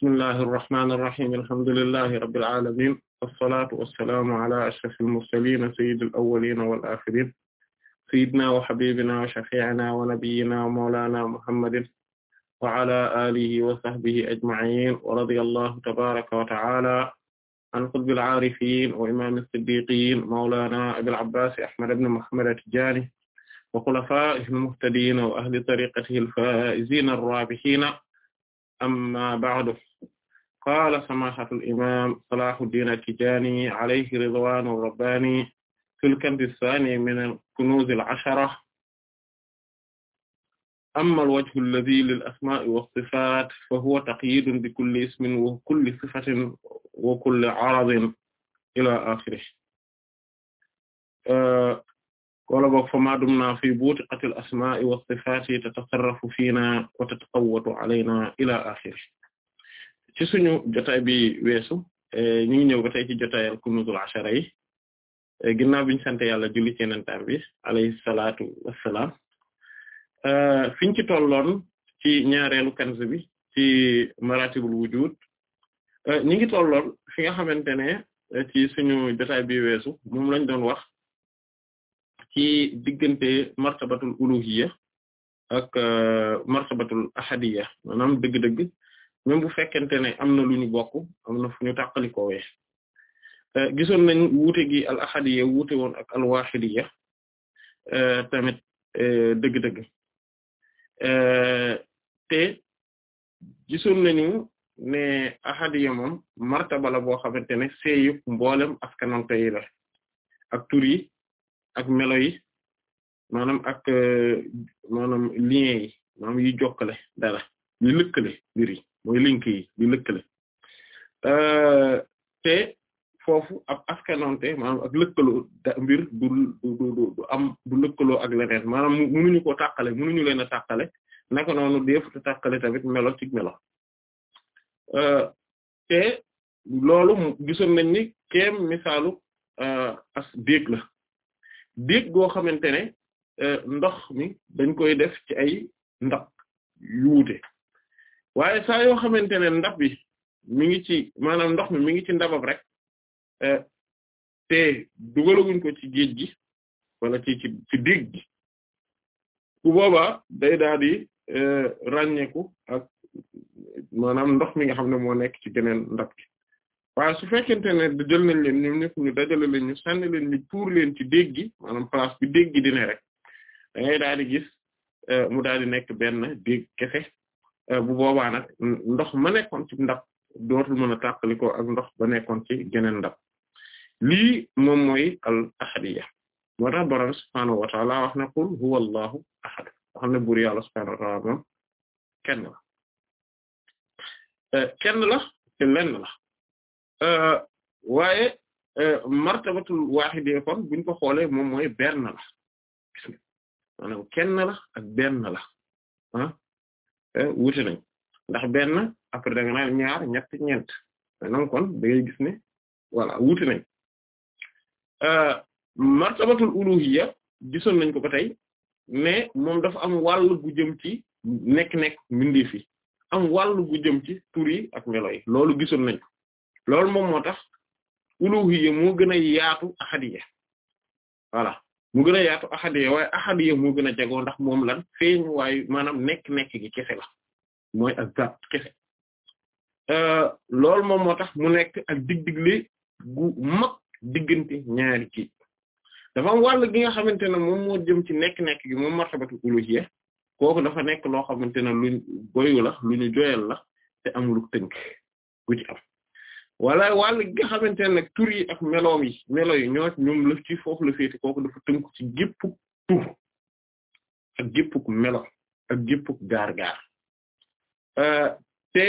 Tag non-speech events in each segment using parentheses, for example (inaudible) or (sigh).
bismillahi irrahmani irrahim alhamdulillahi rabbil alamin wassalatu wassalamu ala ashrafil mursalin sayyidil awwalin wal akhirin sayyidina wa habibina wa shafi'ina wa nabiyyina wa mawlana muhammadin wa ala alihi wa sahbihi ajma'in wa radiyallahu tabaraka wa ta'ala an qutbil aarifin wa imam as-siddiqin mawlana abil abbas ahmad ibn muhammad at-tijani wa khulafaa'ihi al-muhtadin wa ahli tariqatihi al-faa'izin ar-raabihin amma ba'du qaala samaahatul imaam Salaahuddin at-Tijaani alayhi ridwaanu rabbaani fil kanzi saani minal kunuuzil ashara ammal wajhu allazii lil asmaa'i was sifaat fa huwa taqyiidun bi kulli ismin wa kulli sifatin wa kulli aradin ilaa aaxirih wala boog fa maa dumnaa fii buutiqatil asmaa'i was sifaati tatasarrafu fiinaa wa tataqawwatu alaynaa ilaa aaxirih ci suñu jotaay bi weesu eh, ñu ngi ñëw ba tey ci jotaayal kunuzul ashara yi eh, ginnaaw biñu sant yàlla julli ci yenentaan bi alayhi salaatu wassalaam eh, fiñ ci tolloon ci ñaareelu kanz bi ci maratibul wujud ñi ngi tolloon fi nga xamante ne ci suñu jotaay bi weesu moom lañ doon wax ki diggante martabatul uluhiyya ak martabatul ahadiyya maanaam dëgg-dëgg même bu fekkente ne am na lu ñu bokk am na fu ñu tàqalikoo wee euh, gisoon nañ wuute gi al ahadiyya wuute woon ak al wahidiyya euh, tamit euh, dëgg-dëgg te gisoon nañu ne ahadiyya moom martaba la boo xamante ne see yëpp mboolem askanante yi la ak tur ak melo yi maanaam ak maanaam lien yi maanaam yi jokkale dara yi lëkkale mbir yi moy link yi di lëkkale euh, te foofu ab askanante maanaam ak lëkkaloo mbir du du du am du lëkkaloo ak leneen maanaam munuñu koo tàqale munuñu leen a tàqale naka noonu deefut a tàqale tamit melo ci melo euh, te loolu gisoon nañ ni keem misaalu euh, as déeg la déeg goo xamante ne ndox mi dañ koy def ci ay ndax yu waaye saa yoo xamante ne ndab bi mi ngi ci maanaam ndox mi mi ngi ci ndabam rek eh, te dugalaguñ ko ci géej gi wala ci ci ci gi bu boobaa day daal di eh, ràññeeku ak maanaam ndox mi nga xam ne moo nekk ci geneen ndab gi waaye su fekkente ne jël nañ leen ñoom ñëpp ñu dajale leen ñu sànni leen ñu tuur leen ci dégg gi maanaam place bi dégg gi di ne rek da ngay daal di gis eh, mu daal di nekk benn dégg kese Euh, bu boobaa nag ndox ma nekkoon ci ndab dootul mën a tàqalikoo ak ndox ba nekkoon ci geneen ndab lii moom mooy al ahadiya moo tax wa ta'ala wax na qul huwa allahu ahad wax na buur yàlla wa ta'ala moom kenn la euh, kenn euh, waaye martabatul waahidiyya xoolee moom mooy la ak benn la ah Euh, wuute nañ ndax benn après da nga naan ñaar ñett ñeent maanaam kon da ngay gis ne voilà wuute nañ euh, martabatul uluhiyya gisoon nañ ko ba tey mais moom dafa am wàll gu jëm ci nekk-nekk mbindi fi am wàll gu jëm ci ak melo yi loolu gisoon nañ ko loolu moom moo tax uluhiyya moo gën a yaatu ahadiyya voilà mu gën a yaatu ahadiya waaye ahadiya moo gën a jagoo ndax moom lan feeñ waaye maanaam nekk-nekk gi kese la mooy ak zat kese euh, loolu moom moo tax mu nekk ak dig-digle gu mag diggante ñaari kii dafa am wàll gi nga xamante ne moom moo jëm ci nekk-nekk gi moom martabatu uluhiyya kooku dafa nekk loo xamante ne luñ boyu la lu ñu joyal la te amuluk tënk gu ci am wala wàll gi nga xamante ne nag tur yi ak meloom yi melo yi ñoo ñoom lëf ci foofu la dafa tënk ci tur ak gépp melo ak gépp gaar-gaar euh, te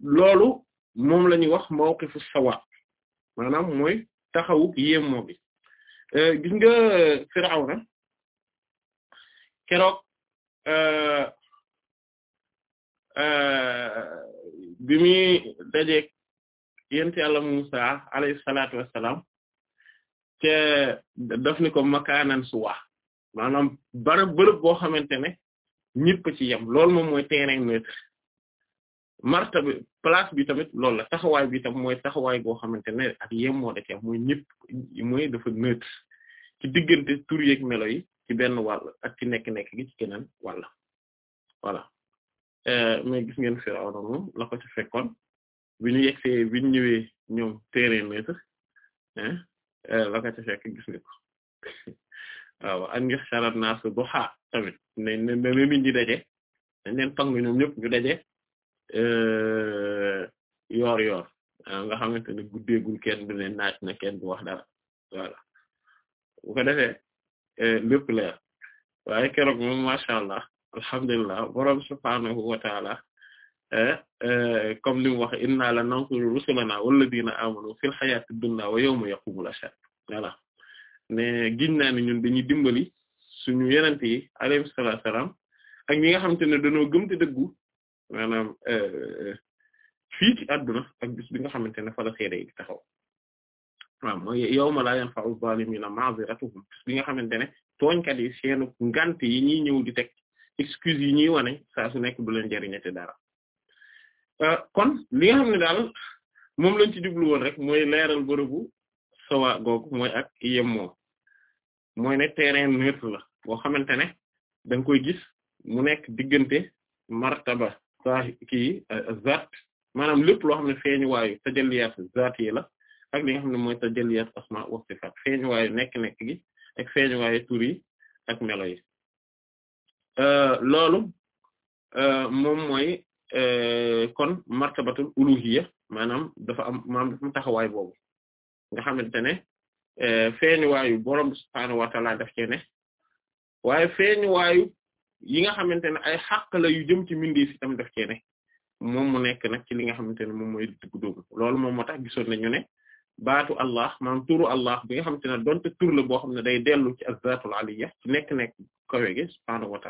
loolu moom la ñuy wax mawqifu sawa maanaam mooy taxawuk yémmoo bi euh, ga nga euh, Firawna keroog bi muy dajeeg yent yàlla Musaa alayhi salaatu wassalaam te daf ni ko makaanan suwa maanaam barab bërëb boo xamante ne ñëpp ci yem loolu moom mooy terrain neutre marta bi place bi tamit loolu la taxawaay bi tam mooy taxawaay boo xamante ne ak yem moo da ci am mooy ñëpp mooy dafa neutre ci diggante tur yeeg melo yi ci benn wàll ak ci nekk-nekk gi ci keneen wàll voilà euh, mais gis ngeen la ko fekkoon bi ñu yegsee bi ñu ñëwee ñoom terrain maître ah la ko euh, ca fekk gis nga ko (laughs) waaw an nga xalaat naa su duha tamit ne ne même ñu daje dañ leen tàng ñoom ñëpp ñu daje euh, yoor yoor nga xamante ne guddeegul kenn du ne naaj na kenn du wax dara voilà bu ko defee euh, lépp leer waaye keroog moom macha allah alhamdulilah borom subhaanahu wa taala Eh, eh, comme li mu wax inna la nansuru rusulana walladina amanu fil hayati dunya wa yawma yaqumul ashhad voilà ne giñ naa ne ñun dañuy dimbali suñu yenente yi alayhi salatu wassalam ak ñi nga xamante ne dañoo gëm te dëggu maanaam eh, fii ci àdduna ak bis bi nga xamante ne fa la seede yi taxaw waaw mooy yawma la yanfa'u zalimina ma'ziratuhum bis bi nga xamante ne tooñkat yi seenu ngant yi ñuy ñëw di teg excuse yi ñuy wane saa su nekk du leen jariñate dara Euh, kon li nga xam ne daal moom lañ ci jublu woon rek mooy leeral bërëbu sawa googu mooy ak yem moom mooy ne terrain neutre la boo xamante ne da koy gis mu nekk diggante martaba saa kii euh, zat maanaam lépp loo xam ne feeñuwaayu tajalliyat zat yi la ak li nga xam ne mooy tajalliyat asma wa sifat feeñuwaayu nekk-nekk gi ak feeñuwaayu ak melo yi euh, loolu moom Euh, kon martabatul uluhiyya maanaam dafa am maanaam dafa am taxawaay boobu nga xamante ne euh, feeñuwaayu borom subhaanahu wa ta'aala daf cee ne waaye feeñuwaayu yi nga xamante ne ay xàq la yu jëm ci mbindeef itam daf cee ne moom mu nekk nag ci li nga xamante ne moom mooy dëgg doomu loolu moom moo tax gisoon nañu ne baatu Allah maanaam turu Allah bi nga xamante ne donte tur la boo xam ne day dellu ci azzatul aliyya nekk-nekk kawe gi subhaanahu wa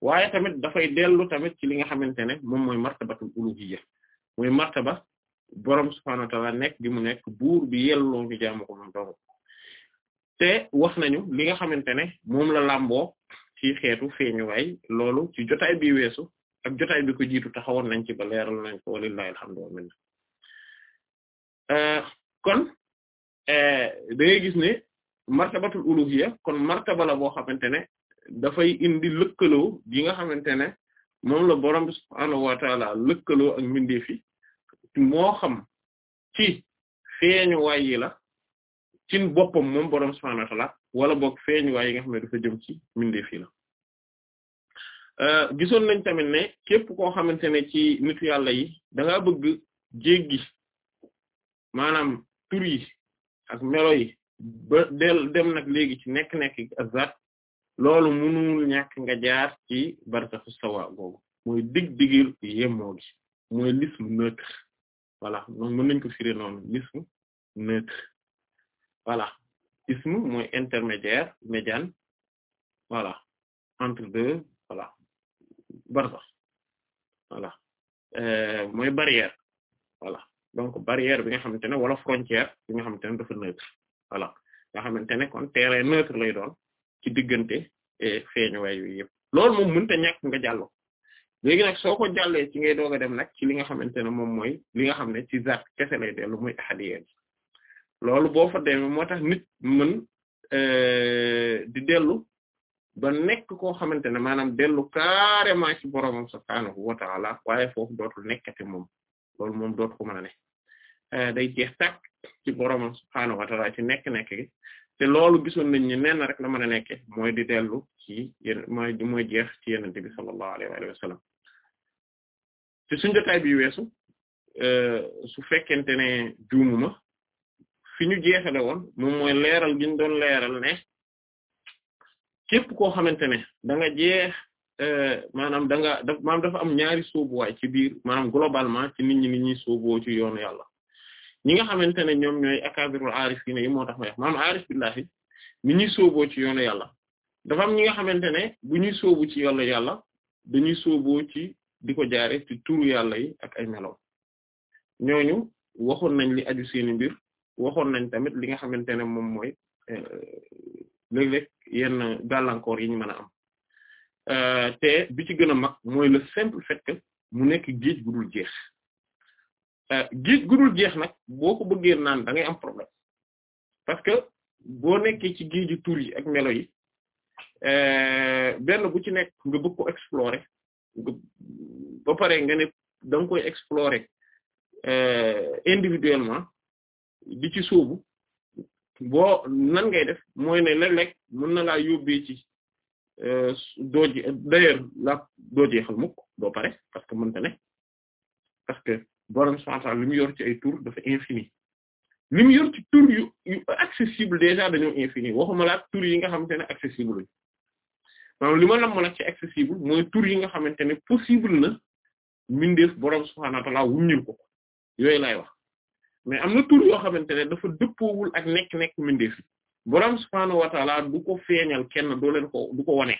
waaye tamit dafay dellu tamit ci li nga xamante ne moom mooy martabatul uluhiyya mooy martaba borom subhaanahu wa nekk bi mu nekk buur bi yelloo ñu jaamu ko moom te wax nañu li nga xamante ne moom la làmboo ci xeetu feeñuwaay loolu ci jotaay bi weesu ak jotaay bi ko jiitu taxawoon nañ ci ba leeral nañ ko walillahi alhamdu wal minna euh, kon euh, da gis ne martabatul uluhiyya kon martaba la boo xamante ne dafay indi lëkkaloo gi nga xamante ne moom la borom bi lëkkaloo ak mbindeef moo xam ci feeñu waay yi la ci boppam moom borom bi subhaanahu wala boog feeñu waay yi nga xam ne dafa jëm ci mbindeef yi la euh, gisoon nañ tamit ne képp koo xamante ne ci nit yàlla yi da nga bëgg jéggi maanaam ak melo yi ba dem nag léegi ci nekk-nekk ak loolu mënul ñàkk nga jaar ci barsaxu sawa googu mooy dig-digil yemmoo gi mooy l'isme neutre voilà donc mën nañ ko firé noonu l'isme neutre voilà isme mooy intermédiaire médiane voilà entre deux voilà barsax voilà euh mooy barrière voilà donc barrière bi nga xamante ne wala frontière bi nga xamante ne dafa neutre voilà nga xamante ne kon terrain neutre lay doon ci diggante e feeñuwaay yooyu yëpp loolu moom mënta ñàkk nga jàllo léegi nag soo ko jàllee ci ngay doog a dem nag ci li nga xamante ne moom mooy li nga xam ne ci zaat kese lay dellu muy ahadiya bi loolu boo fa demee tax nit mën e, di dellu ba nekk koo xamante ne maanaam dellu carrément ci boroomam subhaanahu wa ta'ala waaye foofu dootul nekkati moom loolu moom dootu ko mën a ne e, day jeex tàkk ci boroomam subhaanahu wa ci nekk-nekk te loolu gisoon nañ ne nee na rek la mën a nekke mooy di dellu ci yén mooy jeex ci yenente bi sallallahu alayhi wa sallam ci suñu jotaay bi weesu euh, su fekkente ne jumuma fi ñu jeexale woon moom mooy leeral gi ñu doon leeral ne képp koo xamante ne da nga jeex euh, maanaam da nga maanaam dafa am ñaari sóobuwaay ci biir maanam globalement ci nit ñi ngi ñi sóoboo ci yoonu yàlla ñi nga xamante ne ñoom ñooy akabirul aarifina yi moo tax ma wax maanaam aarif billahi ni ñuy sooboo ci yoonu yàlla dafa am ñi nga xamante ne bu ñuy soobu ci yoonu yàlla dañuy sooboo ci di ko jaare ci turu yàlla yi ak ay meloom ñooñu waxoon nañ li aju seeni mbir waxoon nañ tamit li nga xamante ne moom mooy euh, léeg-léeg yenn gàllankoor yi ñu mën a am euh, te bi ci gën a mag mooy le simple fait que mu nekk géej gu dul jeex Euh, gis gudul jeex nag boo ko bëggee naan da ngay am problème parce que boo nekkee ci géeju tur yi ak melo yi euh, benn bu ci nekk nga bëgg ko explorer nga ba pare nga ne da koy explore euh, individuellement di ci sóobu boo nan ngay def mooy ne léeg-léeg mën na laa yóbbee ci doo ji d'ailleurs doo jeexal mukk doo pare parce que mënta ne parce que borom subhanahu wa ta'ala li mu yor ci ay tur dafa infini li mu yor ci tur yu yu accessible déjà dañoo infini waxuma la tur yi nga xamante ne accessible li ma la mën a ci mooy tour yi nga xamante ne possible na mindeef borom subhanahu wa ta'ala wuññil ko yooyu laay wax mais am na tur yoo xamante ne dafa dëppoowul ak nekk-nekk mindeef borom subhanahu wa feeñal kenn doo leen ko du ko wone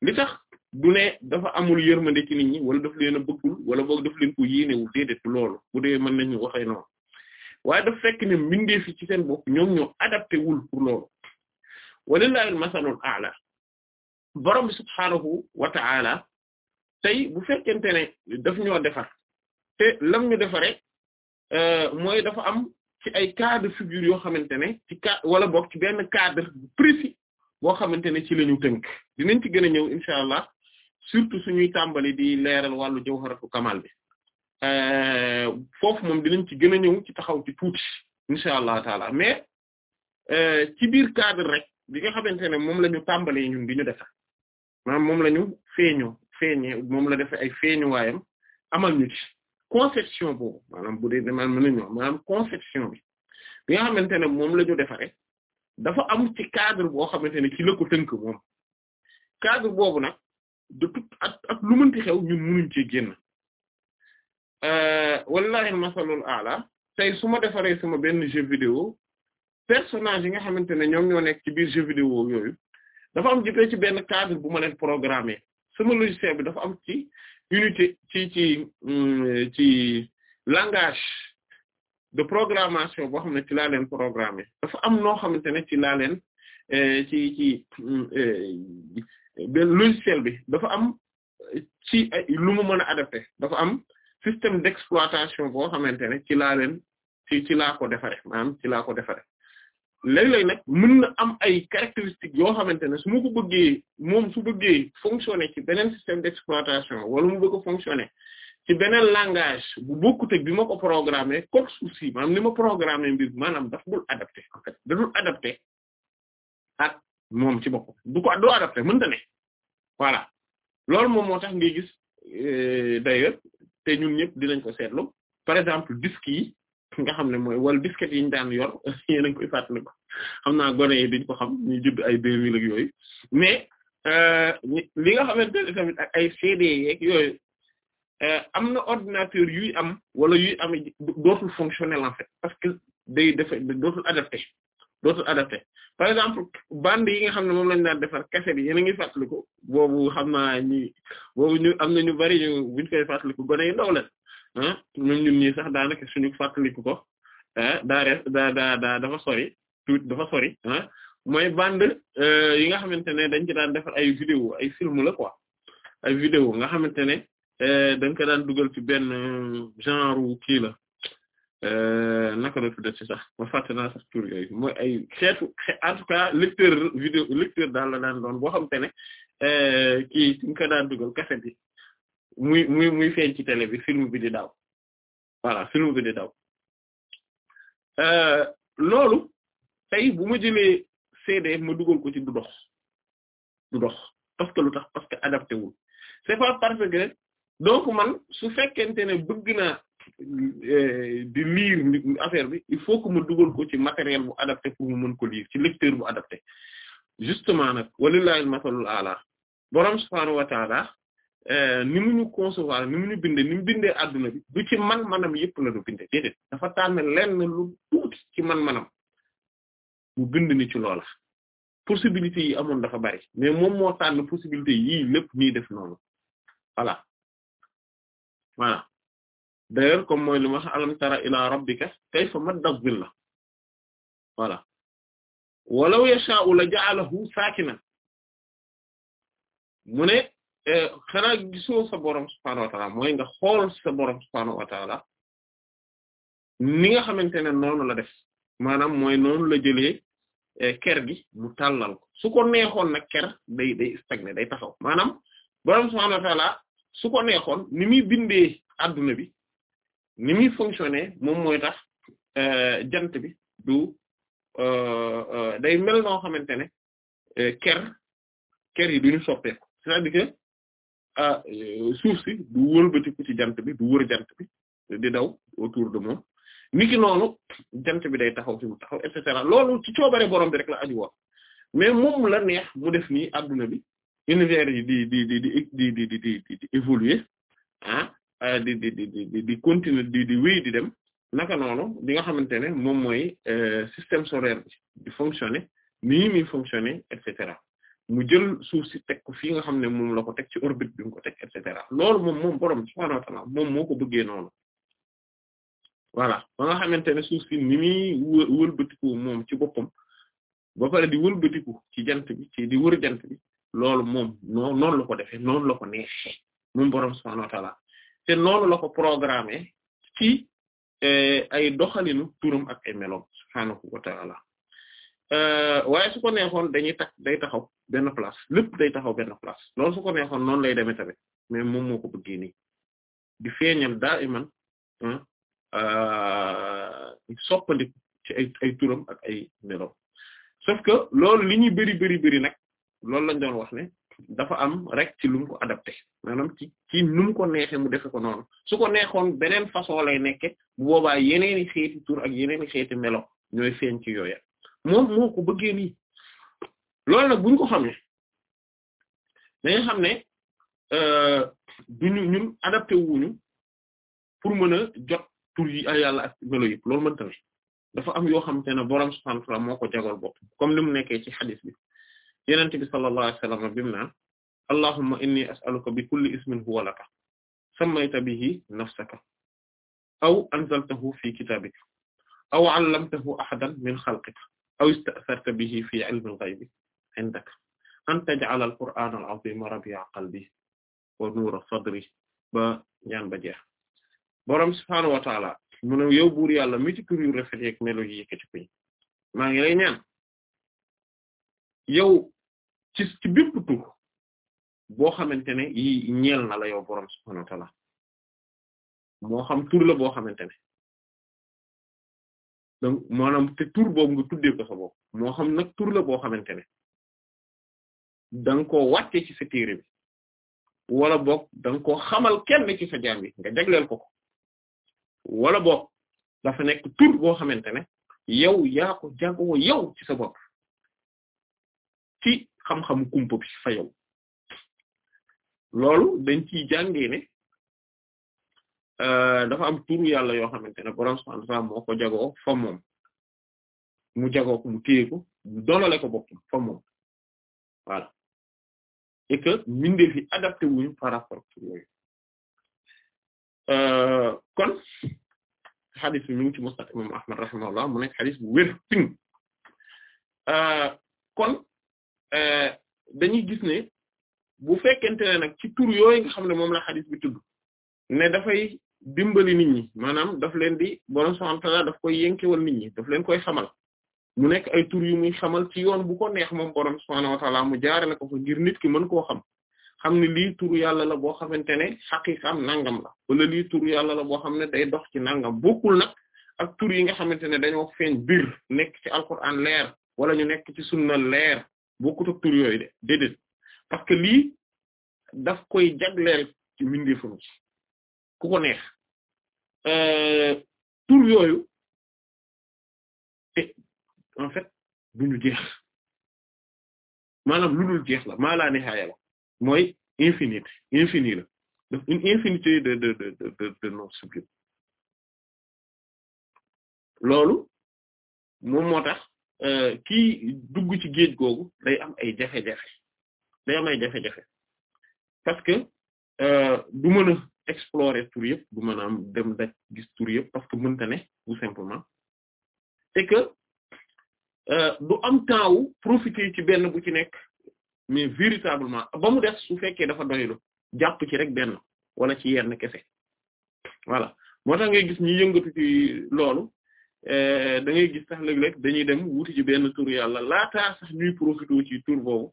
li tax. du dafa amul yërmande ci nit ñi wala daf leen a bëggul wala boog daf leen ko yéenewul déedéet loolu bu dee mën nañu ñu noonu waaye daf fekk ne mbindeef fi ci teen bopp ñoom ñoo adapté wul pour loolu walillaahil masalul a'la borom bi subhaanahu wa ta'ala tey bu fekkente ne daf ñoo defar te lam ñu defare euh, mooy dafa am ci ay cas de figure yoo xamante ne ci cas wala boog ci benn cadre précis boo xamante ne ci lañu ñu tënk dinañ ci gën a ñëw incha allah surtout suñuy tàmbali di leeral wàllu jawharatu kamal bi euh, foofu moom dinañ ci gën a ñëw ci taxaw ci tuuti incha allah taala mais euh, ci biir cadre rek bi nga xamante ne moom lañu ñu tàmbalee ñun di moom la ñu feeñoo feeñee moom la defee ay feeñuwaayam amal ñu ci conception boobu maanaam bu dee mën nañu wax maanaam conception bi bi nga xamante ne moom la ñu defaree dafa am ci cadre boo xamante ne ci la ko tënk moom cadre boobu nag. de tout ak ak lu mënti xew ñun munuñ ci génn euh, wallahi masalul ala tey su ma defaree suma benn jeu vidéo personnage yi nga xamante ne ñoom ñoo nekk ci biir jeu vidéo yooyu dafa am jëppee ci benn cadre bu ma leen programmer sama logiciel bi dafa am ci unité ci ci euh, ci langage de programmation boo xam ne ci laa leen programmer dafa am noo xamante ne ci laa leen euh, ci ci benn logiciel bi dafa am ci ay lu mu mën a adapté dafa am système d'exploitation boo xamante ne ci laa leen ci ci laa ko defaree maanaam ci laa ko defaree léeg-léeg nag mun na am ay caractéristiques yoo xamante ne su ma ko bëggee moom su bëggee fonctionner ci beneen système d'exploitation wala mu bëgg fonctionner ci beneen langage bu bokkut ak bi ma ko programmer ko source yi maanaam ni ma programmer mbir maanaam daf dul adapté en fait da dul adapté moom ci bopp du ko du adapté mënta ne voilà loolu moom moo tax ngay gis euh, d'ailleurs te ñun ñëpp dinañ ko seetlu par exemple disque yi nga xam ne mooy wala disquette yi ñu daan yor (laughs) yéen a ngi koy ko xam naa gone yi dañ ko xam ñu judd ay deux mille ak yooyu mais euh, li nga xamante tamit ay CD yeeg yooyu euh, am na ordinateur yuy am wala yuy am dootul fonctionnel en fait parce que day dafa dootul adapté dootul adapté par exemple bande yi nga xam ne moom lañ daan defar cassette yi yéen a ngi fàttaliku boobu xam naa ñi boobu ñu am na ñu bari ñu buñ koy fàttaliku gone yu ndaw leen ah même ñun ñii sax daanaka suñu fàttaliku ko ah daa da da da daa dafa sori tuuti dafa sori ah mooy bande euh, yi nga xamante ne dañ ci daan defar ay vidéo ay film la quoi ay vidéo nga xamante ne euh, dañ ko daan dugal ci benn euh, genre kii la Euh, naka la tuddee ci sax ma fàtte naa sax tur yooyu ay xeetu en tout cas lecteur vidéo lecteur daal la daan doon boo xam te ne euh, kii suñ ko daan dugal cassette bi muy muy muy ci télé bi film bi di daw voilà film bi di daw euh, loolu tey bu ma jëlee CD ma dugal ko ci du dox du dox parce que tax parce que c'est pas parce donc man su fekkente ne bëgg Euh, di lire affaire bi il faut que ma dugal ko ci matériel bu adapté pour mu mën ko lire ci lecteur bu adapté justement nag walillahi al-masalul ala borom subhaanahu wa euh, ni mu ñu concevoir ni mu ñu bindee ni mu bindee àdduna bi du ci man manam yëpp la du bindee déedéet dafa tànn lenn lu tuuti ci man manam mu bind ni ci loola possibilité yi amoon dafa bari mais moom moo tànn possibilité yii lépp nii def noonu voilà voilà d'ailleurs comme mooy li ma wax alam tara ila rabbika kayfa madda zilla voilà walaw yasha'u la ja'alahu saakina mu ne eh, xanaa gisoo sa borom subhaanahu wa ta'ala mooy nga xool sa borom subhaanahu wa ta'ala ni nga xamante ne noonu la def maanaam mooy noonu la jëlee eh, ker gi mu tàllal ko su ko neexoon nag ker day day stagné day taxaw maanaam borom subhaanahu wa ta'ala su ko neexoon ni muy bindee adduna bi ni muy fonctionner moom mooy tax jant bi du day mel xamante ne ker yi duñu soppeeku c'est-à-dire que ah suuf si du wëlbatiku ci bi du wër jant bi di daw autour de moom niki noonu jant bi day taxaw fi mu taxaw et loolu ci coobare borom bi rek la aju woon mais moom la neex mu def nii adduna bi univers yi di di di di évoluer ah Euh, di di di di di continuer di di wéy di dem naka noonu di nga xamante ne moom mooy euh, système solaire bi di fonctionner nii muy fonctionner et cetera mu jël suuf si teg nga xam ne moom la ko ci orbite bi mu ko teg et cetera loolu moom moom borom subhaanahu wa ta'aala moom moo ko bëggee noonu voilà nga xamante ne suuf si ni muy ci boppam ba pare di wëlbatiku ci jant bi ci di wër jant bi loolu moom noonu la ko defee noonu la ko neexee borom subhaanahu te noonu la ko programmé ci eh, ay doxalin turam ak ay meloom subhaanahu wa ta'ala eh, waaye su ko neexoon dañuy tax day taxaw benn place lépp day taxaw benn place loolu su ko neexoon noonu lay demee tamit mais moom moo ko bëggee nii di feeñal daa iman eh, soppandi ci ay turam ak ay meloom sauf que loolu li ñuy bëri bëri bëri nag loolu lañ doon wax ne dafa am rek ci lu mu ko adapté maanaam ci ci nu mu ko neexee mu defe ko noonu su ko neexoon beneen façon lay nekke bu boobaa yeneeni xeeti tur ak yeneeni xeeti melo ñooy feeñ ci yooya moom moo ko bëggee nii loolu nag buñ ko xam ne euh, dañu xam ne duñu ñun adapté pour mën a jot tur yi ay yàlla ak melo yëpp loolu mënta ne dafa am yoo xamante ne borom subhanahu wa moo ko jagal bopp comme ni mu nekkee ci xadis bi yonent bi sallallahu alayhi wa sallam bi mu naan allahumma inni as'aluka bi kulli ismin huwa laka sammayta bihi nafsaka aw anzaltahu fi kitabika aw 'allamtahu ahadan min khalqika aw ista'tharta bihi fi 'ilmi al-ghaybi 'indaka an taj'ala al-qur'ana al-'azima rabi'a qalbi wa nuura sadri ba ñaan ba jeex boroom subhaanahu wa ta'ala mu ne yow buur yàlla mi ci tur yu rafet ak melo yi yëkkati ko maa ngi lay ñaan yow ci ci tur boo xamante ne yi ñeel na la yow boroom subhaanahu wa ta'aala moo xam tur la boo xamante ne donc maanaam tur boobu moo xam nag tur la boo xamante ne da ko koo ci sa téere bi wala boog da ko koo xamal kenn ci sa jaam nga jagleel ko wala boog dafa nekk tur boo xamante ne yow yaa ko wo yow ci sa bopp ci xam-xamu kumpa bi fa yow loolu dañ ciy jàngee ne euh, dafa am turu yàlla yoo xamante ne borom subhanahu wa moo ko jagoo fa moom mu jagoo ko mu téye ko dolale ko boppam fa moom voilà et que fi adapté wuñu par rapport ak yooyu euh, kon xadis bi mi ngi ci Musnad imam Ahmad rahimahullah mu nekk xadis bu wér ping euh, kon Euh, dañuy gis ne bu fekkente ne nag ci tur yooyu nga xam ne moom la xadis bi tudd ne dafay dimbali nit ñi maanaam daf leen di borom subhaanahu daf koy yënkewal nit ñi daf leen koy xamal mu nekk ay tur yu muy xamal ci yoon bu ko neex moom borom subhaanahu wa mu jaarale ko fa ngir nit ki mën koo xam xam ne lii turu yàlla la boo xamante ne xaqiqaam nangam la wala lii turu yàlla la boo xam ne day dox ci nangam bokkul nag ak tur yi nga xamante ne dañoo feeñ biir nekk ci alquran leer wala ñu nekk ci sunna leer bokkut ak tur yooyu de déedéet parce que lii daf koy jagleel ci mbindeefam ku ko neex euh, tur yooyu te en fait duñu jeex maanaam lu dul jeex la maa laa nihaaya la mooy infinité infini yi daf une de de de de de de noms sublimes Euh, kii dugg ci géej googu day am ay jafe-jafe day am ay jafe-jafe parce que euh, du mën a explorer tur du mën a am dem daj gis tur yëpp parce que mënta ne tout simplement c'est que euh, du am temps wu profiter ci benn bu ci nekk mais véritablement ba mu des su fekkee dafa doylu jàpp ci rek benn wala ci yenn kese voilà moo tax ngay gis ñi yëngatu ci loolu Eh, da ngay gis sax léeg-léeg dañuy dem wuti ci benn tur yàlla laata sax ñuy profité ci tur boobu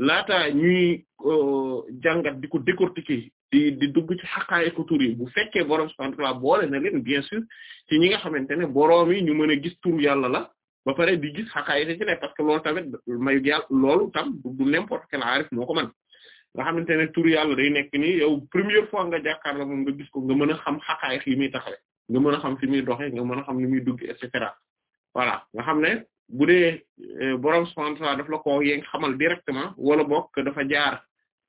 laata ñuy euh, jàngat di ko décortiquer di di dugg ci xaqaay ko tur yi bu fekkee borom subhanahu boole na leen bien sûr ci ñi nga xamante ne borom yi ñu mën a gis tur yàlla la ba pare di gis xaqaay ci ne parce que loolu tamit mayu yàlla loolu tam du n'importe quel aarif moo ko mën nga xamante ne tur yàlla day nekk ni yow première fois nga jàkkaarloo moom nga gis ko nga mën a xam xaqaay yi muy taxawee. nga mën a xam fi muy doxee nga mën a xam ni muy dugg et cetera voilà nga xam ne bu dee euh, borom subhanahu wa ta'ala daf la ko yéeg xamal directement wala bokk dafa jaar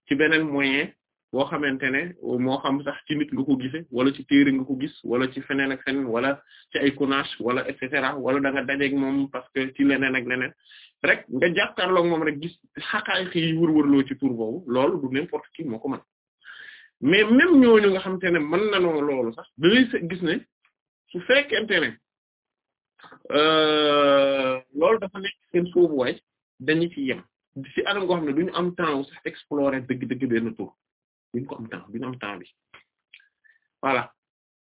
ci beneen moyen boo xamante ne moo xam sax ci nit nga ko gisee wala ci téere nga ko gis wala ci feneen ak feneen wala ci ay connaissances wala et cetera wala da nga dajeeg moom parce que ci leneen ak leneen rek nga jàkkaarloog moom rek gis xaqaay xëy wur wërloo ci tur boobu loolu du n'importe qui moo ko mën mais même ñooñu nga xam xamante ne mën nañoo loolu sax dañuy gis ne su fekkente ne euh, loolu dafa nekk ci yem si anam goo xam ne duñu am temps sax explorer benn tour duñu ko am temps duñu bi voilà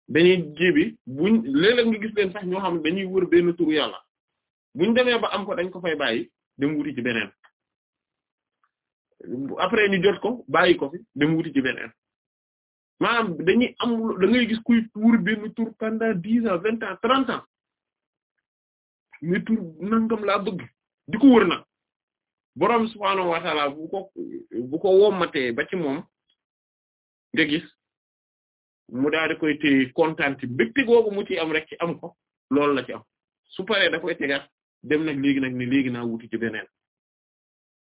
dañuy jibi buñ léeg-léeg nga gis leen sax ñoo xam ne dañuy wër benn tour yàlla buñ demee ba am ko dañ ko fay bàyyi dem wuti ci beneen après ñu jot ko bàyyi ko fi dem wuti ci beneen maanaam dañuy am da ngay gis kuy tuur benn tuur pendant dix ans vingt ans trente ans mais nangam laa bëgg di ko wër nag boroom subhaanahu wa ko bu ko wommatee ba ci moom nga mu daal di koy téye kontaan ci mbégte googu mu ci am rek ci am ko loolu la ci am su paree da koy tegaat dem nag léegi nag ni léegi naa wuti ci beneen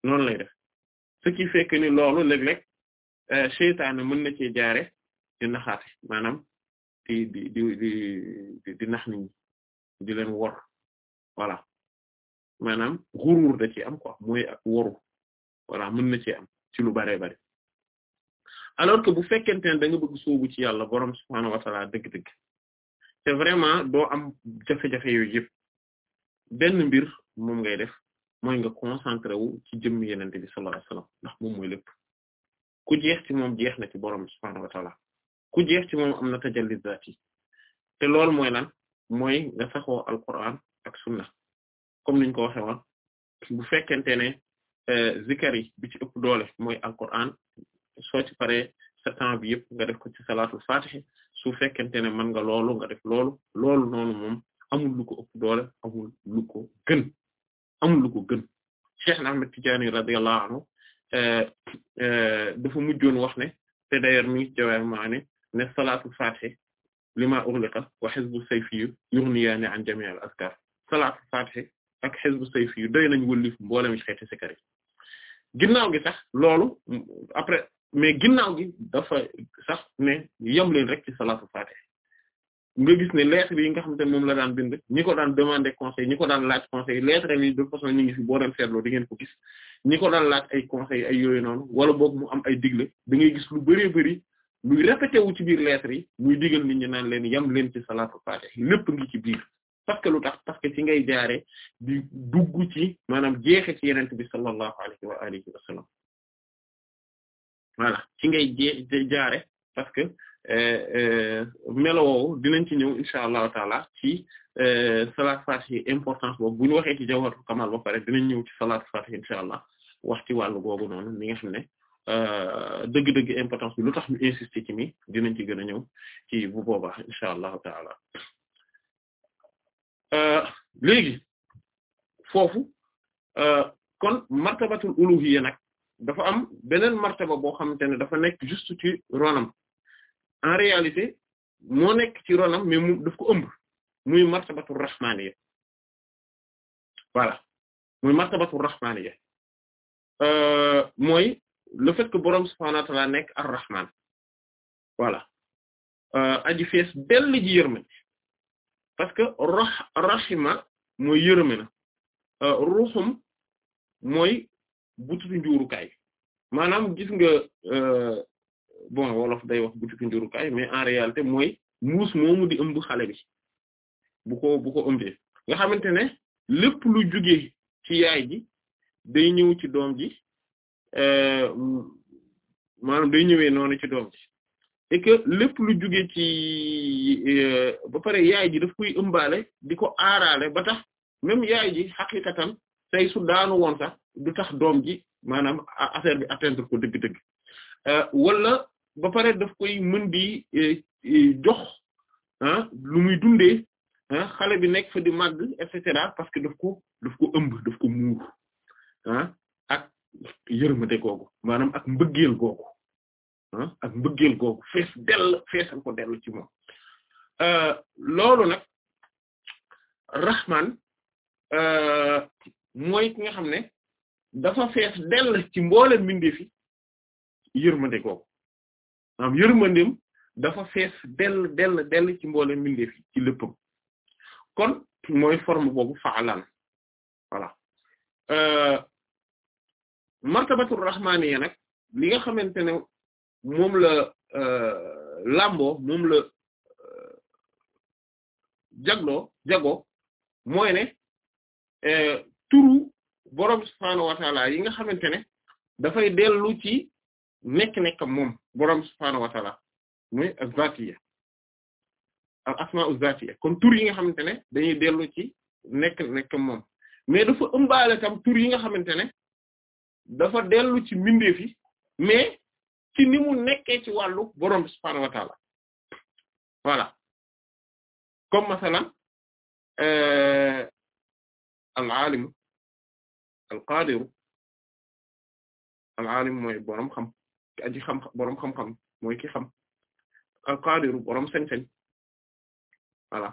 lay def ce qui fait ni loolu léeg-léeg Euh, seytaane mën na cee jaare di naxaate maanaam di di di di di nax nit ñi di leen wor voilà maanaam xuruur da ci am quoi mooy ak woru voilà mën na cee am ci lu baree bari alors que bu fekkente ne da nga bëgg sóobu ci yàlla boroom subhaanahu wa ta'aala dëgg-dëgg c'est vraiment doo am jafe-jafe yooyu yëpp benn mbir moom ngay def mooy nga concentré wu ci jëmm yenente bi sallallahu ndax moom mooy lépp ku jeex ci moom jeex na ci borom subhaanahu wa ku jeex ci moom am na tajalli zaati te loolu mooy lan mooy nga saxoo Alquran ak sunna comme niñ ko waxe woon bu fekkente ne euh, zikar yi bi doole mooy Alquran soo ci paree sa bi yëpp nga def ko ci salaatul faatihi su fekkente ne mën nga loolu nga def loolu loolu noonu moom amul lu doole amul lu gën amul lu ko gën na Ahmed Tidiane radiyallahu anhu Euh, euh, dafa mujjoon wax ne te d'ailleurs mi ngi jawaar maa ne ne salaatul fatih lima ughliqa wa hizbu sayfi yughniyaani an jami' al azkar salaatul fatih ak hizbu sayfi yu doy nañ wëllif mboolem xeeti sikar yi ginnaaw gi sax loolu après mais ginnaaw gi dafa sax ne yem leen rek ci salaatul fatih nga gis ne lettre yi nga xamante ne moom la daan bind ñi ko daan demander conseil ñi ko daan laaj conseil lettre yi de façon ñu ngi fi boo dem seetloo di ngeen ko gis ñi ko daan laaj ay conseils ay yooyu noonu wala boog mu am ay digle da ngay gis lu bëree bëri luy répété wu ci biir lettres yi muy digal nit ñi naan leen yam leen ci salaatu faatiha lépp ngi ci biir parce lu tax parce que ci ngay jaare bi dugg ci maanaam jeexe ci yenent bi sallallahu alayhi wa alihi wa ci ngay jee jaare parce que Eh, eh, melo woowu dinañ ci ñëw incha allah taala ci eh, salaatu faatihi importance boobu bu ñu waxee ci jawharatul kamal ba pare dinañ ñëw ci salaatu faatihi incha allah wax ci wàllu googu noonu mi nga xam ne dëgg-dëgg important bi lu tax ñu insister ci mi dinañ ci gën a ñëw ki bu boobaa incha allah taala léegi foofu kon martabatul uluhiyya nag dafa am beneen martaba boo xamante ne dafa nekk juste ci ronam en réalité moo nekk ci ronam mais mu daf ko ëmb muy martabatu rahmaniyya voilà muy martabatu rahmaniyya euh, mooy le fait que boroom subhaanahu wa ta'aala nekk ar-rahman euh, aji fees dell ji yërmande parce que rah rahima mooy yërme na euh, ruxum mooy bututu njuurukaay maanaam gis nga bon wolof day wax butitu njurukaay mais en réalité mooy muus moomu di ëmb xale bi bu ko bu ko ëmbee nga xamante ne lépp lu juge ci yaay ji day ñëw ci doom ji euh, maanaam day ñëwee noonu ci doom ji et lépp lu jugee ci euh, ba pare yaay ji daf koy ëmbaale di ko aaraale ba tax même yaay ji xaqiqatan tey su woon sax du tax doom ji maanaam affaire bi atteindre ko dëgg-dëgg euh, wala ba pare daf koy mën di eh, eh, jox ah lu muy dundee ah, xale bi nekk fa di màgg et cetera parce que daf ko daf ko ëmb daf ko muur ah ak yërmate maanaam ak mbëggeel googu ah ak mbëggeel googu fees dell feesal ko dell ci moom euh, loolu nag Rahman euh, mooy ki nga xam ne dafa fees dell ci mboolem mbindeef yi yërmande googu maanaam yërmandeem dafa fees dell dell dell ci mboole mbindeef ci léppam kon mooy forme boobu faalaan voilà euh, martabatu rahmaaniya nag li nga xamante ne moom la euh, làmboo moom la euh, jagloo jago mooy ne turu boroom subhaanahu wa yi nga xamante ne dafay dellu ci nekk-nekkam moom boroom subhaanahu wa taala muy azatiya al asma uzatiya kon tur yi nga xamante ne dañuy dellu ci nekk-nekkam moom mais dafa ëmbaale tam tur yi nga xamante ne dafa dellu ci mbindeef yi mais ci ni mu ci wàllu borom subhaanahu wa taala voilà comme masalan euh, al aalimu al qaadiru al aalimu mooy borom xam. aji xam boroom xam-xam mooy ki xam al-qaadiru boroom sañ-sañ voilà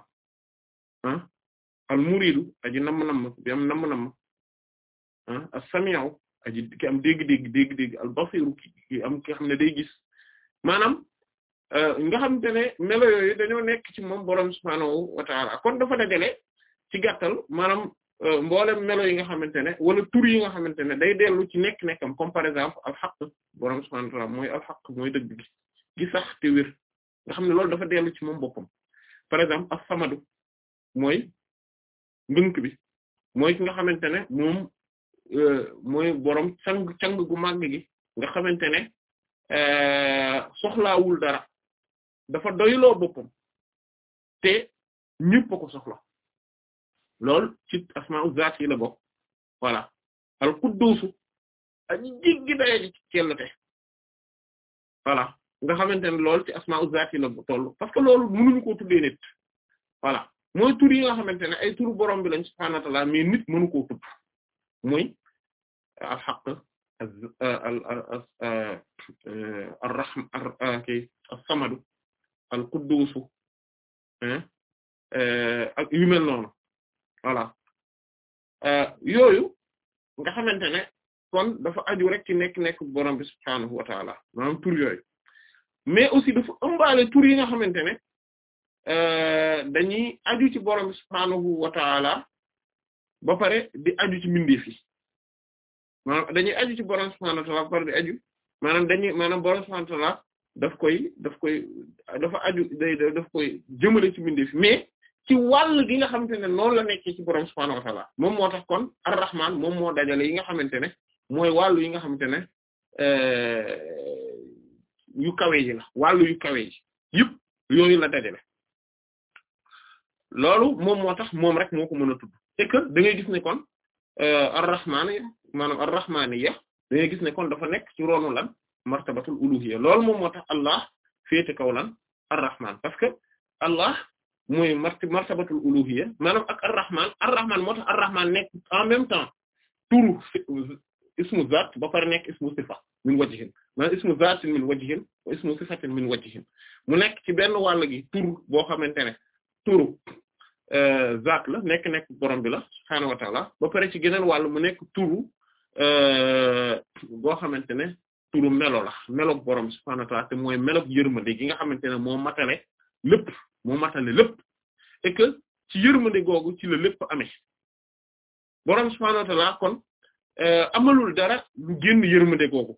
ah al-muriidu aji namm-namm bi am namm-namm ah as ki am dégg-dégg dégg-dégg al-basiiru ki am ki xam ne day gis maanaam euh, nga xam te ne melo yooyu dañoo nekk ci moom boroom subhaanahu wa ta'aala kon dafa ci gàttal maanaam Euh, mboolem melo yi nga xamante ne wala tur yi nga xamante ne day dellu ci nekk-nekkam comme par exemple alxaq borom subhaanahu wa ta'aala mooy alxaq mooy gi gi sax te wér nga xam ne loolu dafa dellu ci moom boppam par exemple as-samadu mooy ngënk bi mooy ki nga xamante ne moom euh, mooy borom cang cang gu màgg gi nga xamante ne euh, soxlaawul dara dafa doyloo boppam te ñëpp a soxla. lool ci asmaa'u zaat yi la bokk voilà al quddusu aji jiggi daye ji cellte voilà nga xamante ne loolu ci asmaa'u zaat yi la toll parce que loolu mënuñu koo tuddee nit voilà mooy tur yi nga xamante ne ay turu borom bi lañ subhaanahu wa nit mënu koo tudd muy al haqq al al euh, euh, al al rahm al kay al voilà euh, yooyu nga xamante ne kon dafa aju rek ci nekk-nekk borom bi subhaanahu wa taala maanaam tur yooyu mais aussi dafa ëmbaale tur yi nga xamante ne euh, dañuy aju ci borom bi subhaanahu wa taala ba pare di aju ci mbindeef yi maanaam dañuy aju ci borom subhaanahu wa taala ba pare di aju maanaam dañuy maanaam daf koy daf koy dafa aju day daf koy jëmale ci mbindeef mais ci wàll gi nga xamante ne noonu la nekkee ci borom subhaanahu wa ta'ala moom moo tax kon ar-rahman moom moo yi nga xamante ne mooy wàllu yi nga xamante ne euh, yu kawe ji la wàllu yu kawe ji yëpp yooyu la dajale loolu moom moo tax moom rek moo ko mën a tudd c'est que da ngay gis ne kon euh, ar-rahman maanaam ar-rahmaniyya da ngay gis ne kon dafa nekk ci roonu lan martabatul uluhiyya loolu moom moo tax Allah féete kaw lan ar parce que Allah mooy mart martabatul uluhiyya maanaam ak ar-rahman moo tax ar-rahman nekk en même temps tour ismu zaat ba pare nekk ismu sifa min wajhin maanaam ismu zaatin min wajhin wa ismu sifatin min wajhin mu nekk ci benn wàll gi turu boo xamante ne turu euh, zaat la nekk nekk borom bi la subhaanahu wa ba pare ci geneen wàll mu nekk turu euh, boo xamante ne turu melo la melo borom subhaanahu wa ta'ala te mooy melo yërmande gi nga xamante ne moo matale lépp mu matale lépp et que ci yërmande googu ci la lépp amee boroom subhaanahu wa ta'aala kon euh, amalul dara lu génn yërmande googu